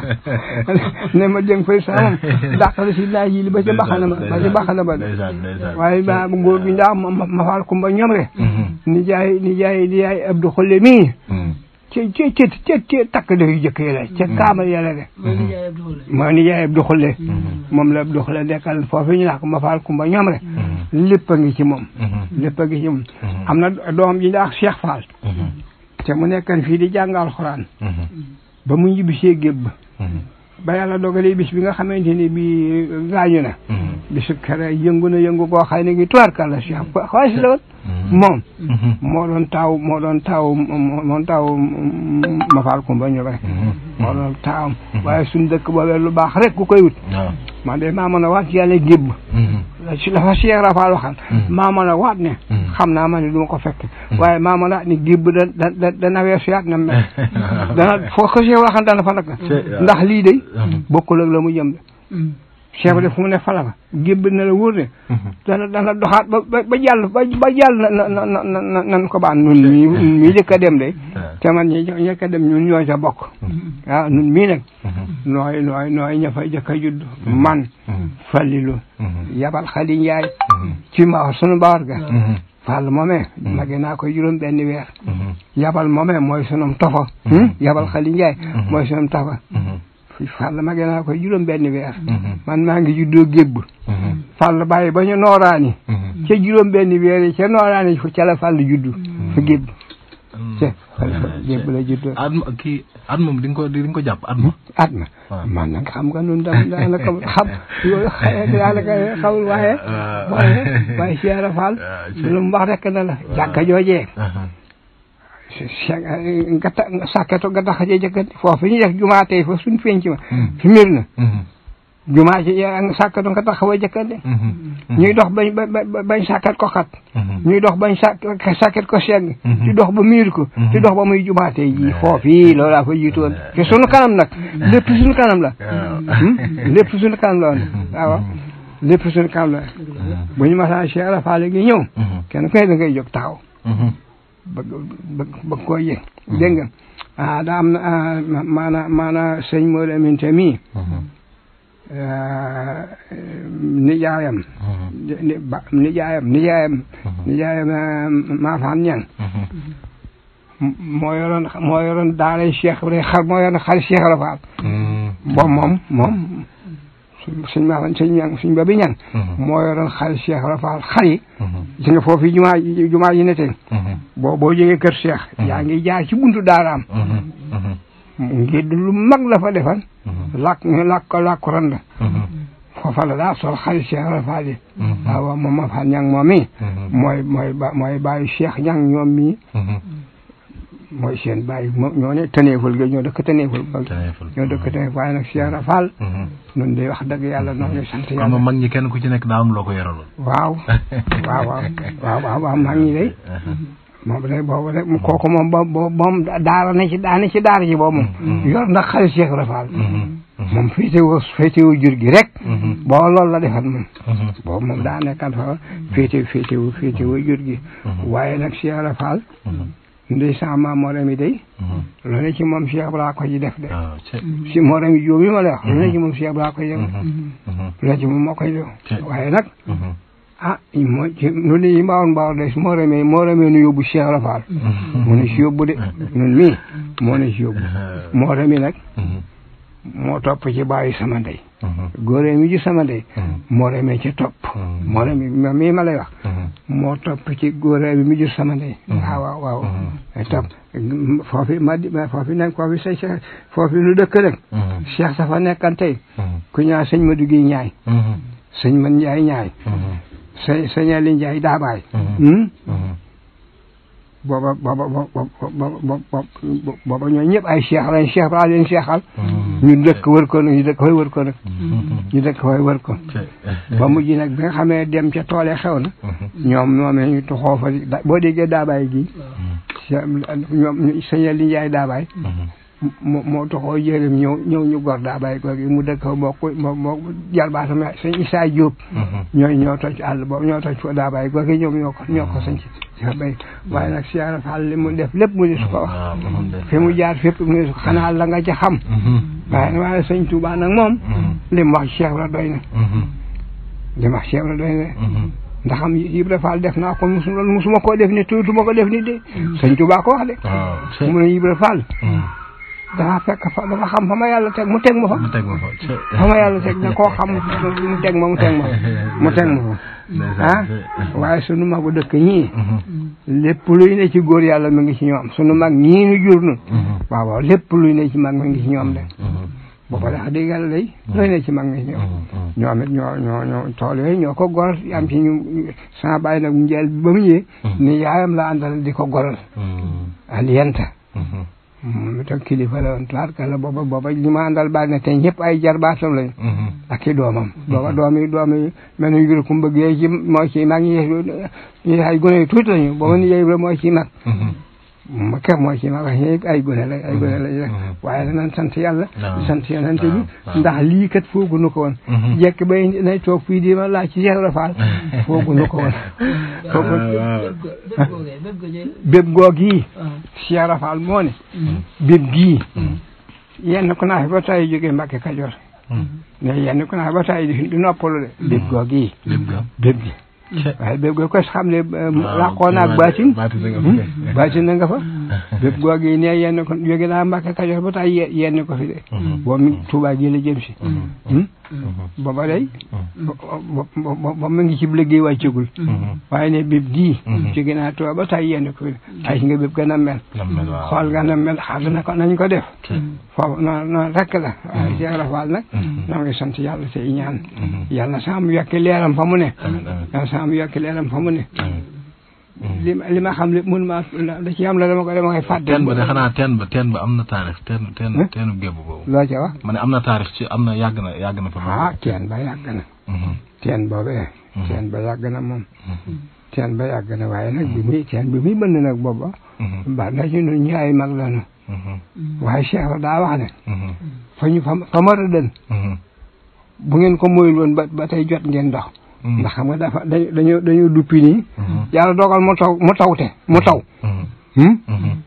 ne ma jéng fay sa moom dàq na si naa jili ba ca mbaxana ma ba ca mbaxana ma waaye ma ngóor gi ndax ma faal kumba ñoom re mm-hmm. ni jaay ni jaay di yaay Abdou Xolle mii ca ca ca ca ca takk yu jëkk yi la ca mm-hmm. kaamal yàlla de mm-hmm. mooy nijaay Abdou Khoule moom la Abdou Khoule dekkal foofu ñu naan ko faal kumba ñoom rek mm-hmm. lépp a ngi ci moom lépp a ngi ci moom am na doom yi daax Cheikh Fall te mu nekkan fii di jàngal xuraan ba mu ñibbisee gébb ba yàlla dogalee bis bi nga xamante ni bii gaañu na bisu kere yëngu na yëngu koo xay ne ngi tuwaarkal la Cheikh xaasi la moom mm-hmm. moo doon taaw moo doon taaw moo doon taaw mm, ma faal kumba ñu rek mm-hmm. moo doon taawam mm-hmm. waaye suñ dëkk boobee lu baax rek ku koy wut maa mën a waat ci yàlla gébb si dafa Cheikh Rafaal waxal maa mën a waat ne xam naa ma ne du ko fekk waaye maa mën a waat ne gébb da da dana weesu yaat na mel dana foo ko Cheikh waxal fa nag ndax lii de bokkul la mu jëm de Cheikh Ibrahima fu mu ne fala ba gébb na la wóor ne dana dana doxaat ba ba jàll ba ba nan ko baan nun mii nun mii jëkk a dem de ah. te man ñi a dem aa ñoo ca bokk waaw mm-hmm. ah, nun mii nag mm-hmm. nooy nooy nooy ña fa jëkk judd mm-hmm. man falilu yabal xali njaay ci ma sunu bawar ga Fall moomee mage naa koy juróom benn weer yabal moomee mooy sunum tofo yabal xali njaay mooy sunum tofo Fall mage naa koy juróom benn weer mhm. man maa ngi juddoo gébb mhm. Fall bàyyi ba ñu nooraani mhm. ca juróom benn weer yi ca nooraani fu ca la Fall juddu fa gébb ca gébb la juddoo at ma kii at moom di nga ko di nga ko jàpp at ma at ma ah. man nag xam nga nun dam daanaka xam yooyu daanaka xamul waaye ah. waaye Cheikh Fall ah, lu mu wax rek na la jàkka joojee uh-huh. gata sakketo gadda haje jaggandi foof ñu yek juma tey fof suñ feñci ma fimirna juma ci sakketo gadda hawa jakkande ñuy dox bañ bañ sakket ko xat ñuy dox bañ sakket ko seng di dox ba miir ko di dox ba muy juma tey ji foof yi loolaa fa jiitoon te sunu kanam nag lépp sunu kanam la lépp sunu kanam la woon waaw lépp sunu kanam la bu ñu masaa Cheikh Rafaal gi ñëw kenn ku ne da ngay jóg taxaw ba ba ba koo yëg dégg nga ah, na ah, maanaam maanaam sëñ Modou Aminta mhm. ah, mhm. nijaayam nijaayam mhm. nijaayam nijaayam maafaam ñang moo yoroon moo yoroon daara xar moo yoroon moom moom moom suñ suñ maanaam suñ ñang suñ ba bi ñang mm-hmm. moo yoroon xal cheikh rafaal xar yi mm-hmm. foofu jumaa ne tey mm-hmm. boo boo kër cheikh yaa ngi jaar ci buntu daaraam ngir lu mag la fa defal làkk làkk làkku daa sol xari cheikh rafaal yi waaw moom ma faal ñang moom mooy mooy mooy bàyyi cheikh ñang mooy seen bàyyi moom ñoo ne taneeful ga ñoo dëkk taneeful ba ñoo dëkk taneeful waaye nag Cheikh Fall mm-hmm. nun day wax dëgg yàlla noo ngi sant yàlla mag ñi kenn ku ci nekk daa am loo ko yoraloon waaw waaw waaw waaw waaw waaw mag ñi day uh-huh. moom rek kooku moom ba moom daara na ci ci daara ji boobu moom mm-hmm. yor ndax xale mm-hmm. moom féetewoo féetewoo gi rek. boo loolu la defat moom. boobu moom daa nekkan fa féetew féetewoo féetewoo jur waaye nag Cheikh Fall. ndey sama morom yi day mhm. lu ne ci moom Cheikh Bara ko ci def de ah, si morom yi jóob yi ma mhm. ci moom Cheikh Bara ko ci def lu ci moom moo koy def waaye nag mhm. ah moo nu ne yi mbaawoon de moo remee moo remee nu yóbbu Cheikh Rafaal moo ne si yóbbu de ñun mii moo si yóbbu moo remee moo topp ci baayu sama ndey mm-hmm. góoree mm-hmm. mi ci sama ndey moo demee ci topp moo mm-hmm. demee mii ma moo topp ci góoree mi jur sama ndey ah, waaw waaw waaw topp foofi ma foofi nag foofi foofi lu dëkk nag Cheikh safa nekkan tey ma dugi ñaay sëñ man njaay ñaay sëñ sëñ Ali njaay daabaay booba booba booba booba ñooy ñëpp ay cheikh lañ cheikh ba leen cheikhal mm. ñu dëkk wër ko ñu dëkk fay wër ko nag mm. ñu dëkk fay wër ko ba mujj nag bi nga xamee dem ca toole xew na mm-hmm. ñoom moom ñu tuxoo fa boo déggee daabaay gi mm. ñoom sëñ li njaay moo taxoo yéeram ñëw ñëw ñu gor daa bàyyi ko gi mu dëkk moo ko moo moo jarbaatam sëñ Isaa mm-hmm. ñoo toj àll boobu ñoo toj foo daa bàyyi ko gi ñoom ñoo ko ñoo ko sañ ci bay waaye nag siyaara Faal li mu def lépp mu ne su ko wax mm-hmm. ah, fi mu jaar fépp mu ne su nga ca xam mm-hmm. waaye waaye sëñ Tuubaa nag na li mu wax def ko def ni tuutuma ko def ni de sëñ Tuubaa ko wax ah, mu ne Ibra Fall danaa fekk fa dafa xam fa ma yàlla teg mu teg ma fa. mu teg ma fa fa ma yàlla teg na koo xam mu teg ma mu teg ma mu teg ma fa. ah waaye sunu magu dëkk ñii. Mm-hmm. lépp luy ne ci góor yàlla mi ngi ci ñoom sunu mag ñii nu jur nu. Mm-hmm. waaw waaw lépp luy ne ci mag mi ngi ci ñoom de. booba mm-hmm. dax dëgg yàlla day looy ne ci mag mi ñoom ñoom it ñoo ñoo ñoo tool yooyu ñoo ko gor am ci ñu sans bàyyi nag njël bi ba mu ñëwee. ni yaayam la àndal di ko goral. aliyanta mu tam kilifa la woon tubaarkalla booba booba ñu ma àndal bari na te ñëpp ay jarbaatam lañu. Mhm. ak i doomam. Mhm. booba doom yi doom yi mel ni yuru kumba gi ci moo ci mag ñi ay gune yu tuuti lañu booba ni yooyu mooy ci mag. Mhm. ma kem mooy ci ma wax ñëpp ay gone la ay gone mm-hmm. la rek mm-hmm. waaye danañ sant yàlla ah. di sant yonente bi ah. Ah. ndax lii kat foogunu ko woon mm-hmm. jekk bay nay toog fii di ma laaj ci Cheikh Ibra Fall foogunu ko woon béb goog yi Cheikh Ibra Fall moo ne béb gii yenn ku naa fi ba tay jógee Mbàkke Kajoor mais yenn ku naa fi ba tay di noppalu de béb goog yi béb gi waaye bépp goo ko xam ne euh, ah, làqoo naag baatin hmm? baatin na nga fa bépp goog yi ne yenn ko jóge naa Mbàkke Kajoor ba tax yenn ko fi de mm-hmm. boo mi Tuubaa ji la jëm si mm-hmm. hmm? booba mm-hmm. day mm-hmm. ba mu ngi cib liggéey wàccagul mm-hmm. waaye ne bépp gii jóge naa tuba ba tay yenn ko ay nga bépp gën a mel xool gën a mel xaal na ko nañ ko def foofu noonu noonu rek la waaye Cheikh Rafal nag noo ngi sant yàlla tey ñaan yàlla na saa mu yokki leeram fa mu ne yàlla na saa yokki leeram fa mu ne Mm. li li ma xam ne mun maa da ci am la dama ko dama koy fàtte. teen ba de xanaa teen ba teen ba am na taarix teen teen eh? teenu gébb boobu. loo ca wax ma ne am na taarix ci am na yàgg na yàgg na fa. ah teen ba yàgg na. Mm-hmm. teen boobee. Mm-hmm. teen ba yàgg na moom. Mm-hmm. teen ba yàgg na waaye nag bi muy teen bi muy bënd nag booba. ba na ci ñun ñaay mag la ñu. waaye Cheikh daa wax ne. fa ñu fa fa ma rëddal bu ngeen ko moyul woon ba ba tey jot ngeen dox. Mm-hmm. ndax xam nga dafa dañoo dañoo duppi nii. Mm-hmm. yàlla dogal mu taw mu tawte mu taw. Mm-hmm. Hmm?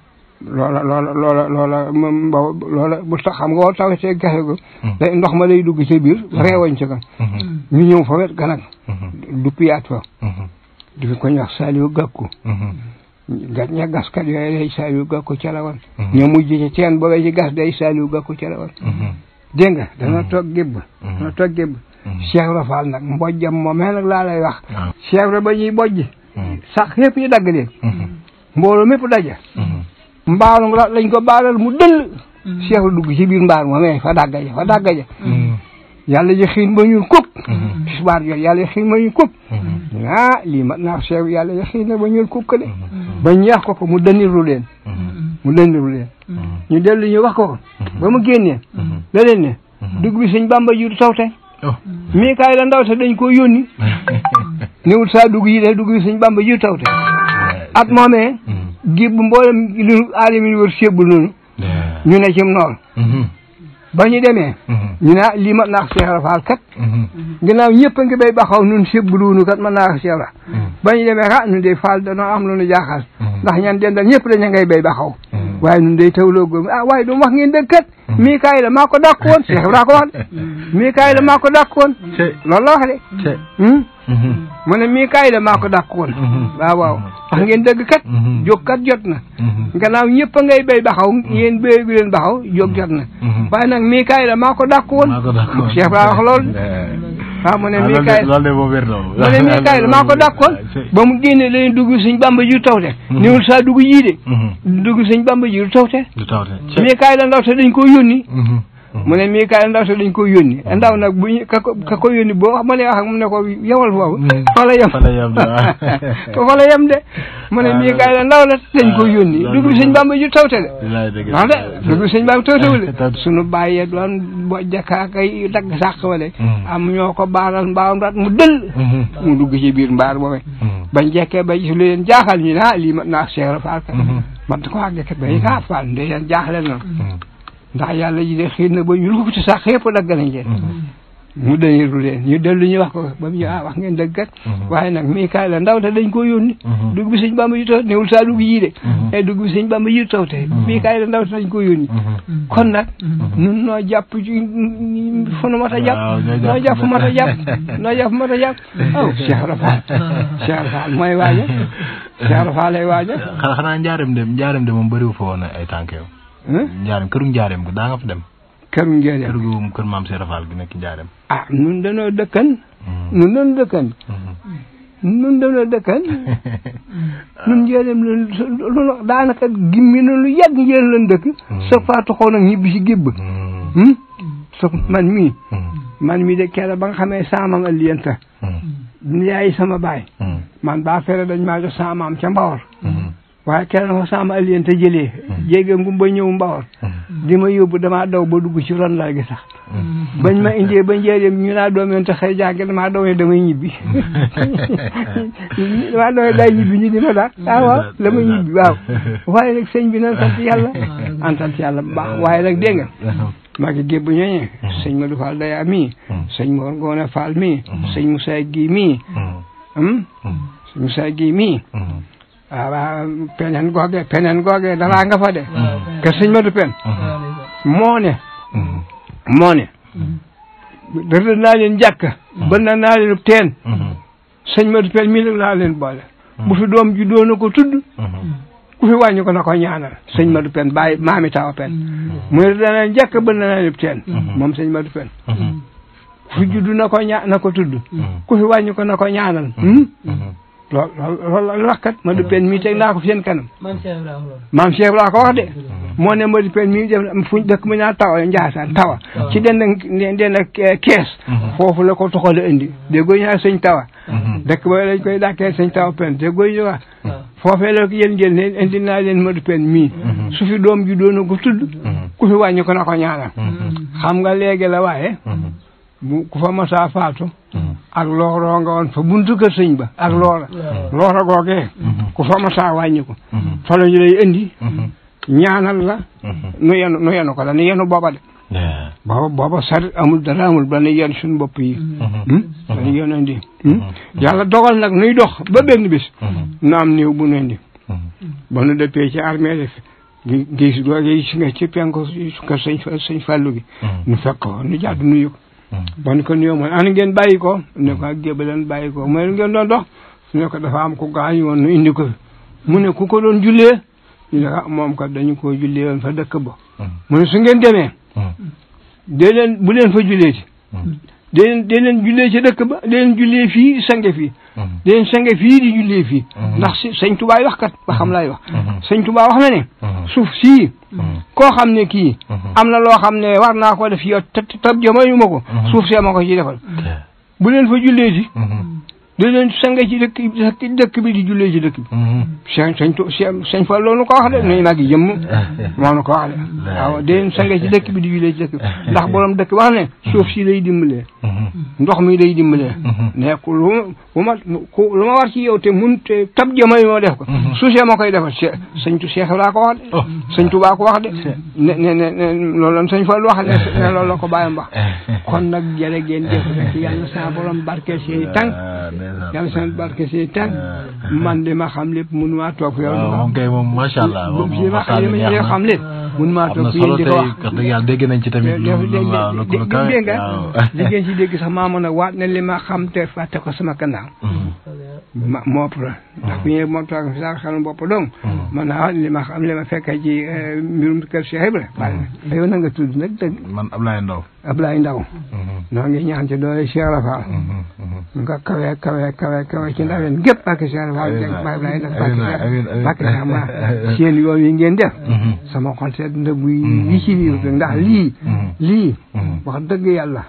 loola loola loola loola moom boobu tax xam nga boo tawtee gerte gu. day ndox ma day dugg ci biir réewañ ci kan. ñu ñëw fa wet ga duppiyaat fa. di ko ñax Saliou Gakou. gat ña gaskat yooyu day Saliou Gakou ca la woon. mujj ci teen boobee ci gas day Saliou Gakou ca la woon. dana toog gébb. dana toog gébb. Mm-hmm. Cheikh Ibra Fall nag mbojjam moomee nag laa lay wax ah. Cheikh Ibra ba ñuy bojj mm-hmm. sax yëpp ñu dagg leen mm-hmm. mbooloo mépp daje mbaaru lañ ko baaral mu dëll Cheikh dugg ci biir mbaar moomee eh, fa daggaje fa daggaje ji xiin ba ñuul kub tisbaar jot yàlla xiin ba ñuul kub ah lii mat naa Cheikh yàlla ji xiin na ba ñuul kub ka de ba ñeex ko ko mu dënniru leen mu dënniru ñu dellu ñu wax ko ba mu génnee la leen ne dugg bi Bamba ji du tawte Oh. Mm. Mikaayla Ndaw te dañ koo yónni niwul saa dugg yi te dugg yi suñ Bamba ji tawte at moomee mm. gib mboolem lu aalamin wër sébbul noonu ñu ne cim noor mm-hmm. ba ñu demee mm-hmm. ñu ne ah, lii mat naax Cheikh Rafal kat mm-hmm. ginnaaw ñëpp a ngi bay baxaw nun sébbuluwunu kat mat naax Cheikh Rafal mm. ba ñu demee ah nu de Fall danoo am lu nu jaaxal ndax ñan dendal ñëpp daña ngay bay baxaw ว้นึ่งเดียวลูกวานดูมังเงินเด็กมีใครละมาค็ดักคนเสรักคนมีใครละมาค็ดักคนลอลอเลยมันมีใครละมาค็ดักคนบ้าวมังเงินเด็กยกกัดยดนะกันเอาเงียบไงใบบ่าวเงียบเบื่อบ่าวยกยดนะไปนั่งมีใครละมาค็ดักคนเสรักคนลอ waaw ah, mu ne ah, mii kaay loolu de mu ne mii kaay la maa ko ba mu génne bamba ji tawte mhm. niwul saa dugg yii de mhm. dugg suñ bamba ji du tawte mii kaay la ndaw te dañ koo yónni mhm. Mhm. mu ne mii kaay ndaw si dañ ko yónni mhm. ndaw nag bu ñu ka ko ka ko yónni boo ma lay wax ak mu ne ko yowal foofu mhm. fa la yem fa la yem de mu a mii kaay la ndaw la dañ ko yónni dugub sëñ bamba ju tawte de wax de dugub sëñ bamba doon jaka kay dagg sàq wale ñoo ko baaral mbaawam rat mu dëll mu dugg ci biir mbaar boobee bañ ba gisu leen jaaxal ñu ne ah lii mat naa Cheikh Fall kat mat ko àgg kat bay ah Fall ndeysaan jaaxle na ndax yàlla ji de na ba ñu lu ko ci sax yëpp dagg nañ leen mm-hmm. mu dëñiru leen ñu dellu ñu wax ko ba mu ñu ah wax ngeen dëgg kat mm-hmm. waaye nag mii kaay la ndaw te dañ ko yónni mm-hmm. dugg bi sëñ bamba ji taw saa dugg yii de mais eh, dugg taw te mii kaay la ndaw te dañ koo yónni kon nag nun noo jàpp fu nu mat a jàpp noo jàpp fu mat a jàpp noo oh, jàpp fu mat a jàpp aw Cheikh Rafal Cheikh Rafal mooy waaja Cheikh Rafal lay waaja xanaa njaarem de njaarem de moom bëriwu fa ay tànk njaareem këru njaareem kër gu kër maam Seydou Fall gi nekk njaareem. ah nun danoo dëkkan. Hmm. nun danoo dëkkan. Hmm. nun danoo dëkkan. nun njaareem lu lu daanaka gimmi lu dëkk. Hmm. sa faatu xool nag ñibbi si gébb. so man mii. man mii de keroog ba nga xamee saamam aliyanta. sama baay. man baa fere dañ maa jox saamaam waaye keroog ma sama alien te jëlee. Mm. jéege ngumba ñëw mbawar. Mm. di ma yóbbu damaa daw ba dugg ci ron lal gi sax. Mm. bañ ma indee ba njëriñ ñu naa doom yoon te xëy jàngi damaa damay ñibbi. damaa doom yoon daay ñu di ma daal ah waaw la waaye nag sëñ bi nan sant yàlla. an sant yàlla bu baax waaye nag dégg nga. maa ngi gébb ñooñe. sëñ Madou Fall Daya mii. sëñ Mor Ngoone Fall mii. sëñ Moussa Guèye mii. sëñ Moussa Guèye mii. waaw ah, peñen googe peñen googe dara nga fa de mm-hmm. ke sëñ Madu Pen mm-hmm. moo ne mm-hmm. moo ne naa leen jàkk bën na naa leen teen sëñ Madu Pen mii nag laa leen boole bu fi doom ju doona ko tudd ku fi wàññi ko na ko ñaanal sëñ Madu Pen bàyyi maami taw pen muy rëdd naa leen jàkk bën na naa leen teen moom sëñ Madu Pen ku fi judd na na ko tudd ku lool loolu la wax kat Madu Peen mii teg naa ko fi seen kanam. maam Cheikh laa ko wax de. moo ne Madu Peen mii def fu dëkk mu ñaa tawa Njaasaan tawa. ci den den ak eh, kees. Mhm. foofu la ko toxale indi. déggoo ñu sëñ tawa. Mhm. dëkk ba lañ koy dàkkee sëñ tawa Peen déggoo ñu wax. foofee la ko yéen jël ne indi naa leen Madu Peen mii. Mhm. su fi doom ju doon ko tudd. ku fi wàññi ko na ko ñaanal. xam nga léegi la waaye. bu ku fa masaa faatu ak looloo nga woon fa buntu kër sëñ ba ak loola loola googee ku fa masaa wàññi ko fa la ñu lay indi ñaanal la nu yenu nu yenu ko dañu yenu booba de booba booba sar amul dara amul ba nu yen suñu bopp yi dañu yen indi yàlla dogal nag nuy dox ba benn bis na am néew bu nu indi ba nu dëppee ci armée def gis gis nga ci penku kër sëñ nu fekk nu jàdd nuyu ko bon ko nuyoo mooy ana ngeen bàyyi ko ne ko ak jéba leen bàyyi ko mooy ngeen doon dox su ko dafa am ku gaañu woon nu indi ko fi mu ne ku ko doon jullee ñu ah, moom kat dañu ko jullee woon fa dëkk bo mu ne ngeen demee dee leen bu leen fa jullee ci mm. dee leen dee leen fii sange fii Mhm. di leen sange fii di jullee fii mhm. ndax sëñ tubaay wax kat ba xam mhm. laay wax sëñ tubaa wax ne suuf si koo xam ne kii am na loo xam ne war naa ko def yow te te jamayu ma ko suuf see ma ko ci defal bu leen fa jullee si di leen sange ci dëkk bi dëkk bi di jullee ci dëkk bi. sëñ sëñ sëñ Fall loolu ko wax de nuyu naa gi jëmm moo nu ko wax de waaw di leen sange ci dëkk bi di jullee ci dëkk bi ndax borom dëkk wax ne suuf si lay dimbalee mm-hmm. ndox mi lay dimbalee mm-hmm. ne ku lu ma ku lu ma war ci yow te mun te tab jëmay moo def ko mm-hmm. suusee ma koy defal sëñ tu Cheikh laa ko wax de oh. sëñ Tuubaa ko wax de ne ne ne loolu lan sëñ Fall wax ne loolu la ko bàyyam wax kon nag jërë ngeen jëf rek yàlla sa borom barkeel seen i tànk yàlla seen barke si tàgg ah. man li ma xam lépp mun maa toog ah, yow. waaw moom kay moom macha allah moom moom waxtaan mun maa toog yéen di ko wax am na yàlla dégg nañ ci tamit. lu waaw lu ko kawe waaw dégg ngeen si dégg sax maa mën a waat na li ma te fàtte ko sama kanam. ma mm-hmm. la ndax mm-hmm. bu ñëwee mopp taag saa xelum bopp dong mm-hmm. man naa li ma xam li ma fekkee ci eh, mbirum kër Cheikh Ibra la yow na nga tudd nag dëgg man Ablaye Ndaw Ablaye Ndaw noo ngi ñaan ci doole Cheikh Rafal nga kawe kawe kawe kawe ci ndawen gépp ak Cheikh Rafal ba Ablaye Ndaw bàkk sama seen yoon yi ngeen def sama xol seet ndëgg yi ci biir ndax lii lii wax dëgg yàlla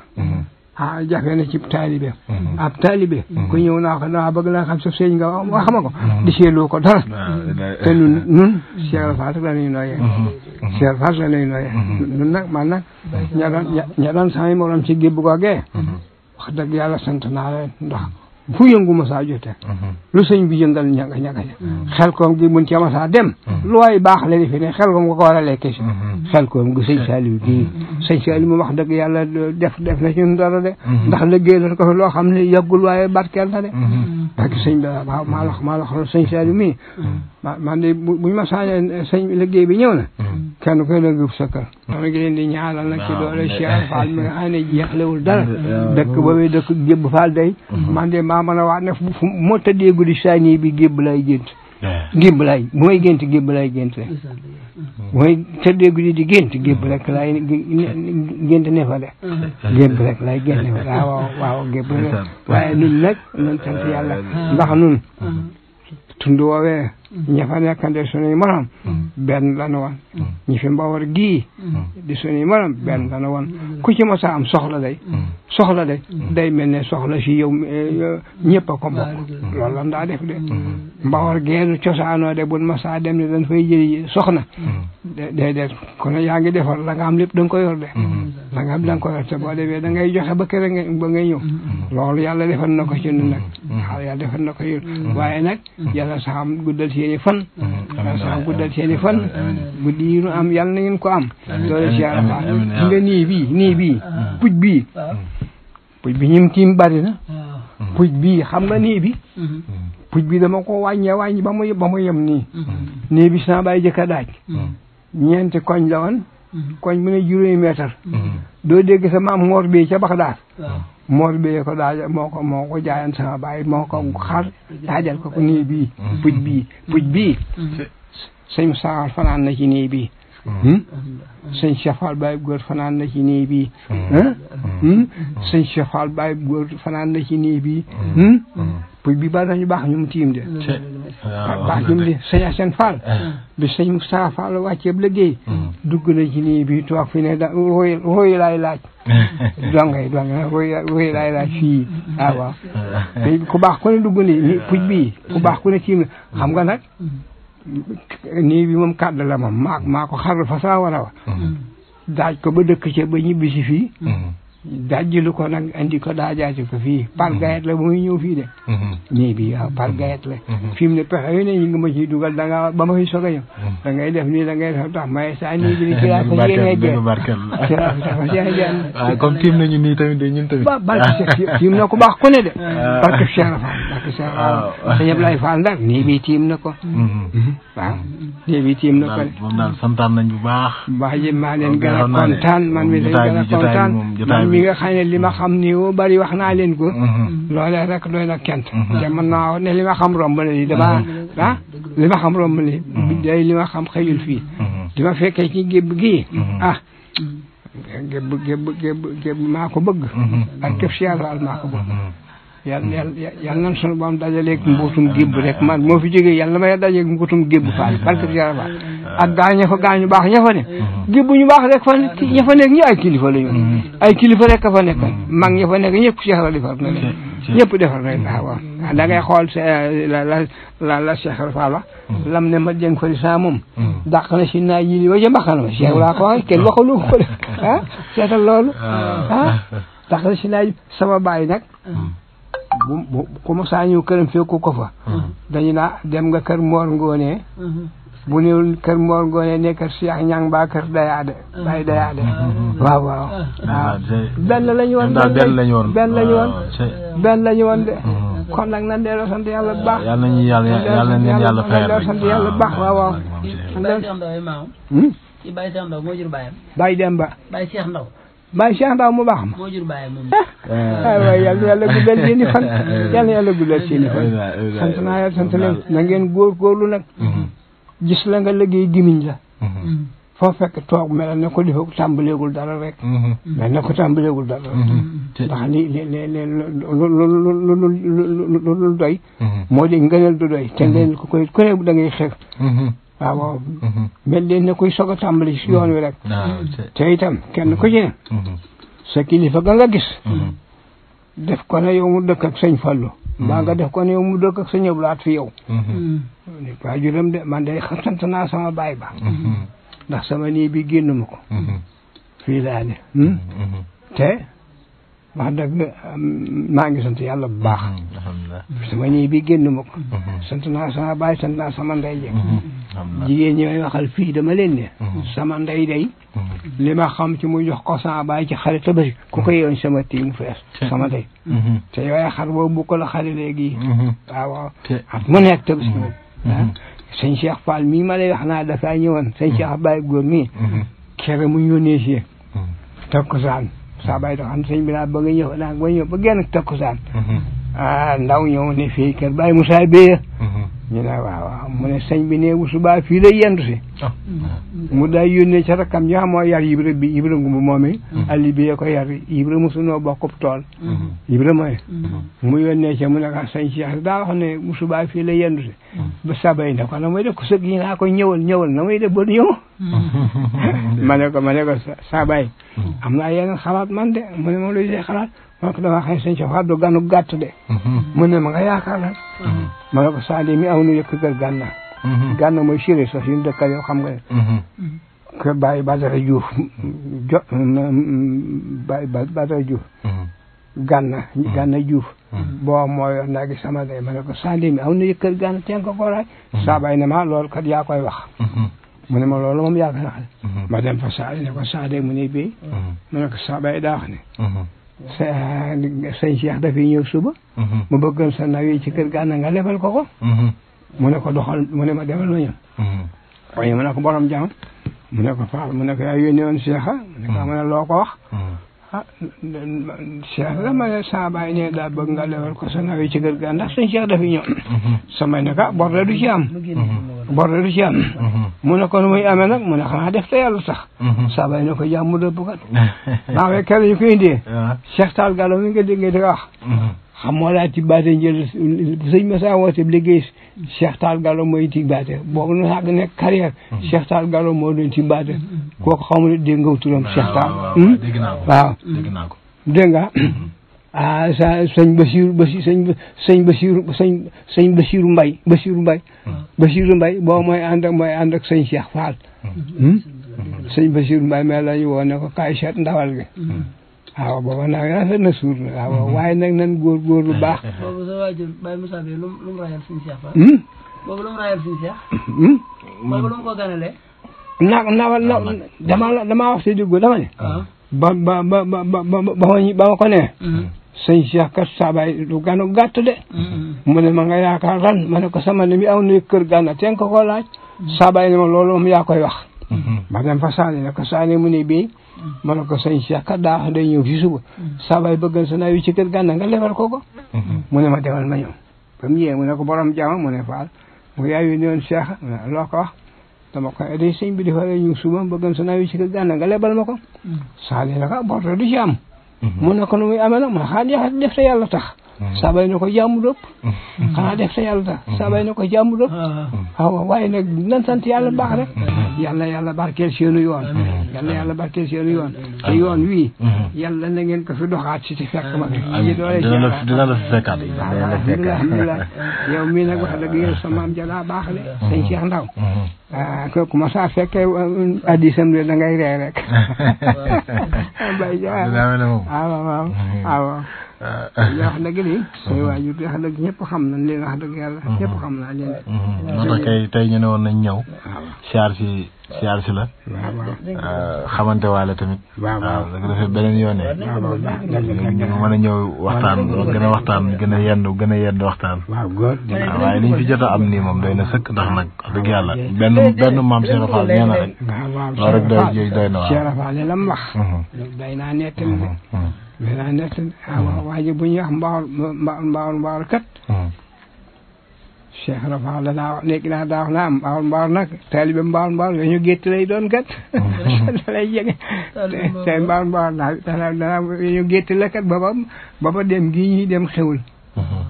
ah jafe na ci taalibe mhm. ab taalibe mhm. ku ñëw naa ko daa bëgg laa xam sa nga wax ma ko mhm. di seetloo ko dara ah, te nun nun Cheikh Fall la ñuy nooyee Cheikh Fall la ñuy nooyee nun nag man nag ña doon ña doon samay ci gébb googee wax dëgg yàlla sant naa leen ndax fu yëngu masaa jote mhm. lu sëñ bi yëngal ñanga ñanga mhm. xel koom gi mën ci masaa dem mhm. lu waay baax la defe ne xel koom war a lekke si xel koom gi sëñ Saliou gi sëñ Saliou mu wax dëgg yàlla def def na ci dara de ndax liggéey na ko fi loo xam ne yàggul waaye barkeel sëñ bi waaw maa lox ma man de buñ ma sañoon sëñ liggéey bi ñëw na. Mm. kenn koy dëgg sa kër. ma ngi leen di ñaanal nag ci a Cheikh Fall mi nga xam ne jeexlewul dara. Mm. dëkk boobu dëkk gébb Fall day. Mm-hmm. man de maa mën a wax ne fu moo tëddee guddi sañi bi gébb lay gént. gébb lay bu may gént gébb lay gént rek. bu may tëddee guddi di gént mm. mm-hmm. gébb rek lay gént ne fa de. gébb lay gént ne fa waaw waaw gébb rek waaye nun nag nun sant yàlla ndax nun mm-hmm. tund woowee ña mm. fa nekkante sunuy morom mm. benn lanu mm. woon ñi fi mbawar gii di sunuy morom benn lanu woon ku ci mos am soxla de soxla de day mel ne soxla si yow eh, ñëpp a ko bokk loolu lan daa def de mbawar geenu cosaanoo de bun masa dem ne dañ fay jëri soxna déedéet kon yaa ngi defar la nga am lépp da nga ko yor de la nga am da nga koy te mm. boo demee da ngay joxe ba kër nga ba ngay ñëw mm. loolu yàlla defal na ko ci ñun nag mm. waaw yàlla defal na ko ci ñun waaye nag yàlla saxam guddal seeni fan yàlla saxam guddal seeni fan guddi yi ñu am yàlla na ngeen ko am loolu si yàlla baax i nga nii bii nii bii puj bii puj bi ñim tiim bari na puj bii xam nga nii bi puj bi dama ko wàññee wàññi ba mu ba mu yem nii nii bi sama bàyyi jëkk a daaj ñeenti koñ la woon Mm-hmm. koñ mu ne juróomi mètre. Mm-hmm. doo dégg sa maam moor bi ca Baxdaad. moor bi ko daajal moo ko moo ko jaayan sama baay moo ko xar daajal ko ko nii bii. bi mm-hmm. bii puj bii. sëñ Saar fanaan na ci nii bii. Hmm? sëñ Cheikh Fall baay góor fanaan na ci nii bii hmm. Hmm? sëñ Cheikh Fall Baye góor fanaan na ci nii bii puy bi bari nañu baax ñu tiim de baax ñu mu ah, de sëñ Assane Fall eh. bi sëñ Moustapha Fall wàcceeb liggéey dugg na ci nii bii toog fi ne da roy roy laay laaj dongay dongay roy laay laaj fii ah, waaw waaw ku baax ku ne dugg ni puj bii ku baax ku ne tiim xam nga nag nii bi moom kàdd la moom maa maa fa saa wa mm-hmm. daaj ko ba dëkk ca ba ñibbisi fii mm-hmm. dajjilu ko nag andi ko daajaati ko fii mm-hmm. par gayet la ba muy ñëw fii de mm-hmm. ñii bi waaw par gayet la mm-hmm. fi mu ne pexe yu ne ñu ngi ma ciy dugal da ba ma fi soog a ñëw da ngay def nii da ngay def tax maye saa nii dini cilaa ko yéene jee cilaa ko yéene jee comme tiim nañu nii de ñun ko sa ñëpp lay Fall ndar ah, nii bi tiim na na ko de moom daal santaan nañ bu baax baax ji maa leen gën a kontaan man mi leen gën a mi nga xam ne li ma xam ni wu bari wax naa leen ko. Mm-hmm. loolee rek doy na kent. Mm-hmm. te mën naa ne ma xam romb na lii dama mm-hmm. ah li ma xam romb li fii. li ma fekkee ci gébb gii. ah gébb ko bëgg. ak këf si yàlla maa ko bëgg. Hmm. yàlla yàlla yàlla nan sunu boom dajaleeg mbuutum gébb rek man moo fi jógee yàlla yal dajaleeg mbuutum gébb faal hmm. barke bi yàlla faal hmm. ak gaaña fa gaañu baax ña fa ne gébb ñu baax rek fa ña fa nekk ñu ay kilifa lañu ay kilifa rek fa nekk mag ña fa nekk ñëpp Cheikh la defar na leen ñëpp defar na leen waaw da ngay xool la la la la Cheikh la faal wax lam ne ma jëng fari saa moom dàq na si naa yili wa ca mbaxana ma Cheikh laa ko waxee kenn waxalu a de ah seetal loolu ah, ah dàq na si naa sama bàyyi nag bu ku mu saa ñëw këram fekku ko fa mm-hmm. dañu na dem nga kër moor ngoonee mm-hmm. bu néewul kër moor ngoonee ne kër Cheikh Ñang ba kër dayaade mm-hmm. bay dayaade waaw waaw waaw ah. ah, ah. benn lañu woon benn lañu woon benn lañu woon benn lañu de kon nag nan delloo sant yàlla bu baax nañu yàlla yàlla nañu yàlla fayal delloo sant yàlla bu waaw waaw ci hmm? Demba bàyyi Cheikh Ndaw mu baax ma. moo jur bàyyi moom. aywa yàlla yàlla fan. yàlla yàlla guddal seen fan. sant naa yàlla sant leen na ngeen góorgóorlu nag. Mm-hmm. gis la nga liggéey gimiñ la. Mm-hmm. Mm-hmm. foo fekk toog mel ne ko defee tàmbaleegul dara rek. mais ne ko tàmbaleegul dara rek. ndax li li li li lu lu doy. moo di ngëneel du doy. te ngeen ku koy ku ne da ngay xeex. waaw mel leen ne kuy soog a tàmbali yoon wi rek mm-hmm. ah, te itam kenn ku ci ne mm-hmm. sa kilifa ga nga gis mm-hmm. def ko yow mu dëkk ak sëñ Fallu baa nga def ko ne yow mu dëkk ak sëñ Ablaat fi yow waa juróom de man day sant naa sama baay ba ndax sama nii bi génn ma ko laa ne hmm? te wax dëgg maa ngi sant yàlla bu baax. alhamdulilah sama ñii bi génn ma ko. sant naa sama baay sant naa sama ndey de. jigéen ñi may waxal fii dama leen ne. sama ndey day. li ma xam ci mu jox ko sama baay ci xale tabaski ku ko yoon sama tii mu fees sama ndey. te yooyu xar boobu bu ko la xale léegi. waaw waaw at mu nekk tabaski nag. sëñ Cheikh Fall mii ma lay wax naa dafaa ñëwoon sëñ Cheikh Baye góor mii. kere mu yónnee si. takkusaan. saa bàyyi doo xam sëñ bi naa ba nga ñëw naa ba ñëw ba genn takkusaan ah ndaw ño ne fii kër Baye Moussa Beye mhm. ñu ne waaw waaw mu ne sëñ bi néegu ah. mu daay yónnee ca rakkam ñoo xam moo yar yibra bi yibra ngumbu moomi mhm. alli biyee ko yar yibra mosunoo bokkub tool yibra mhm. mooy mu yónnee ca mu ne ko ah, sëñ Cheikh daa wax ne bu subaa fii lay yendu si ne ko na mooy def ko sëg yi naa na mooy def ba ñëw ma ko ma am naa yeneen xalaat man de mu ne moom lay ma ne ko dama xëy sëñ Cheikh Fall du ganu gàtt de. Mm-hmm. mu ma nga yaakaar lan. Mm-hmm. ma ne ko Saali mi aw nu yëkk gër gànna. Mm-hmm. gànna mooy chéré sos yu jo Baye Badara Diouf. gànna mm, gànna Diouf. boo mooy yoon naa gi sama day ma ne ko Saali mi aw nu yëkk gër gànna teen ko ko raay. saa ne ma loolu kat yaa koy wax. mu ne ma loolu moom yaa koy ma dem fa Saali ne ko ma ne ko saa bay daa ne. sa sëñ Cheikh dafay ñëw suba. Mm-hmm. mu bëggoon sa naw yi ci kër ga nga lebal ko ko. Mm-hmm. mu ne ko doxal mu ne ma demal ma ñëw. waaye mu ne ko borom jàmm. mu ne ko faal mu ne ko yaa yónnee woon mu ne ko mm-hmm. am na loo ko wax. ah Cheikh la ma ne sama baay ne daa bëgg nga lewal ko sa nawe ci kër ga ndax suñ Cheikh dafi ñëw sama ne ka bor la du bor la du ci am ne ko nu muy amee nag mu ne xanaa def te yàlla sax sama baay ne ko jàmm dëpp kat maa ngi koy kenn ñu koy indee Cheikh Tall Gallo mi nga xam moo laa tibbaate njël sëñ Massa woote liggéey Cheikh Tall Gallo mooy tibbaate boobu na xàgg nekk carrière mhm. Cheikh Tall Gallo moo doon tibbaate kooku xaw ma dégg nga turam ah, hmm? nga mhm. ah sa sëñ Basiru Basi sëñ sëñ Basiru sëñ sëñ Basiru Mbay Basiru Mbay hmm. Basiru Mbay boobu sëñ Cheikh Fall hmm. sëñ ne ko kaay seet ndawal gi waaw booba nag rafet na suur na waaw mhm. waaye nag nan góor góor lu baax. boobu sa waajur Baye Moussa bi lu mu rayal suñu seex fa. boobu lu mu rayal suñu hmm? seex. na na na damaa damaa wax si ah. ba ma ko nee. Hmm. sëñ Cheikh kat du ganu gàtt de. Hmm. mu ne ma nga yaakaar ran ma ne ko sama ne mi aw na kër gànna teen ko laaj. saabaay ne ma loolu moom yaa koy wax. ma dem fa saani ne ko saani mu ne bii. ma ne ko sëñ Cheikh kat daa wax day ñëw fi suba saa baay bëggan sa naawi ci kër gànna nga lebal ko ko mhm. mu ne ma demal ma ñëw ba mu ñëwee mu ne ko borom jàmm mu ne faal mu yaay wi noon Cheikh mu ne loo ko wax dama koy bi dafa lay ñëw suba bëggan sa naawi ci nga lebal ma ko mhm. saa li la ko borto du ci am mhm. mu ne ko nu muy amee nag mu ne xaar yaxat def te yàlla Mm-hmm. saabay ne ko jàmm dëpp mm-hmm. xanaa def sa yàlla saabay ne ko jàmm dëpp ah. ah, waaw waaye nag nan sant yàlla baax rek mm-hmm. yàlla yàlla barkeel seenu yoon yàlla yàlla barkeel seenu yoon te yoon wii yàlla na ngeen ko fi doxaat si si fekk ma ci doole dina la fi fekkaat alhamdulilah alhamdulilah yow mii nag wax dëgg yow sa maam jalaa baax le sañ Ndaw ah kooku mos a fekkee um, addisam de da ngay ree rek. Mbaye ah, waaw waaw ah, waaw. Ah. wax dëgg lii. suy uh-huh. waajur wax dëgg ñëpp xam nañ leen wax dëgg yàlla. Uh-huh. ñëpp xam naa leen. Uh-huh. moo tax kay tey ñu ne woon nañ ñëw. waaw charge yi. siyaar si la. Euh, xamante waale tamit. waaw waaw defee beneen yoonee. mën a ñëw waxtaan gën a waxtaan gën a yendu gën a yendu waxtaan. waaye liñ fi jot a am nii moom doy na sëkk ndax nag wax yàlla benn benn maam Cheikh Fall nee na rek. waaw rek doy na waaw Cheikh Fall li lam wax. Mhm. doy naa nettali de. Mhm. Mhm. doy naa nettali de. waaw waa ji bu ñuy wax mbaawal mbaawal mbaawal Cheikh Ibra Fall danaa wax naa daa wax naa mbaawal mbaawal nag taalibe mbaawal mbaawal ñu gétt lay doon kat mm-hmm. da lay jege naa danaa gétt la kat ba ba dem gii ñuy dem xewul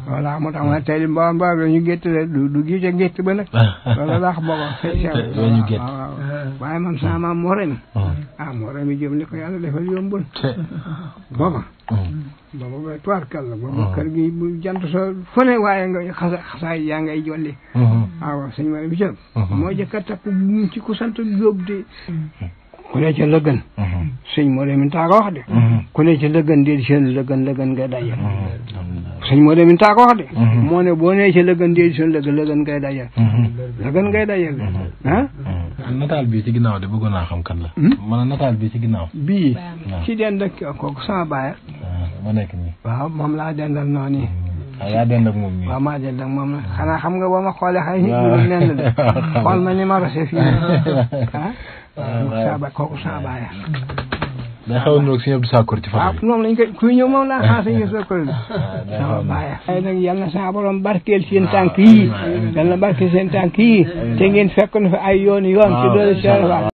voilà moo tax ma tey li mbaam mbaam la gétt du gétt ba ah. loolu laax boo ko fekk. loolu ñu gétt waaw waaye man sama maam Moremi. ah, ah Moremi li ko yàlla defal yombul. booba. booba ba tubaarkal ah. la booba kër gi bu jant soo fële waaye nga xasa xasaay moo jëkk a takku ci ku sant Diop de. Mm. ku ne ca lëgën mhm. sëñ moo demin taa ko wax de mhm. ku ne ca lëgën déet seen lëgën lëgën ngay dajal mhm. sëñ moo demin taa ko wax de moo ne boo nee ca lëgën déet seen lëgën lëgën ngay dajal lëgën ngay dajal ah? ah nataal bii ci ginnaaw de bëggoon naa xam kan la hmm? ma ne nataal bii ci ginnaaw bii ci den dëkk kooku sama baay ah, ma nekk nii waaw moom laa dendal noonu ah maa dend moom la xanaa xam nga boo ma xoolee xay nit ñi du de xool ma ni ma rase fii waaw kooku saa baaya. day xaw a nuyoog si ñëpp Sakkoor ci fan. waaw moom lañ koy kuy ñëw moom laa xaar si ñëpp Sakkoor. waaw baaya. waaye nag yal na saa borom barkeel seen tànk yi. yal na barkeel seen tànk yi. te ngeen fekk na fa ay yoon yoon. ci doole seen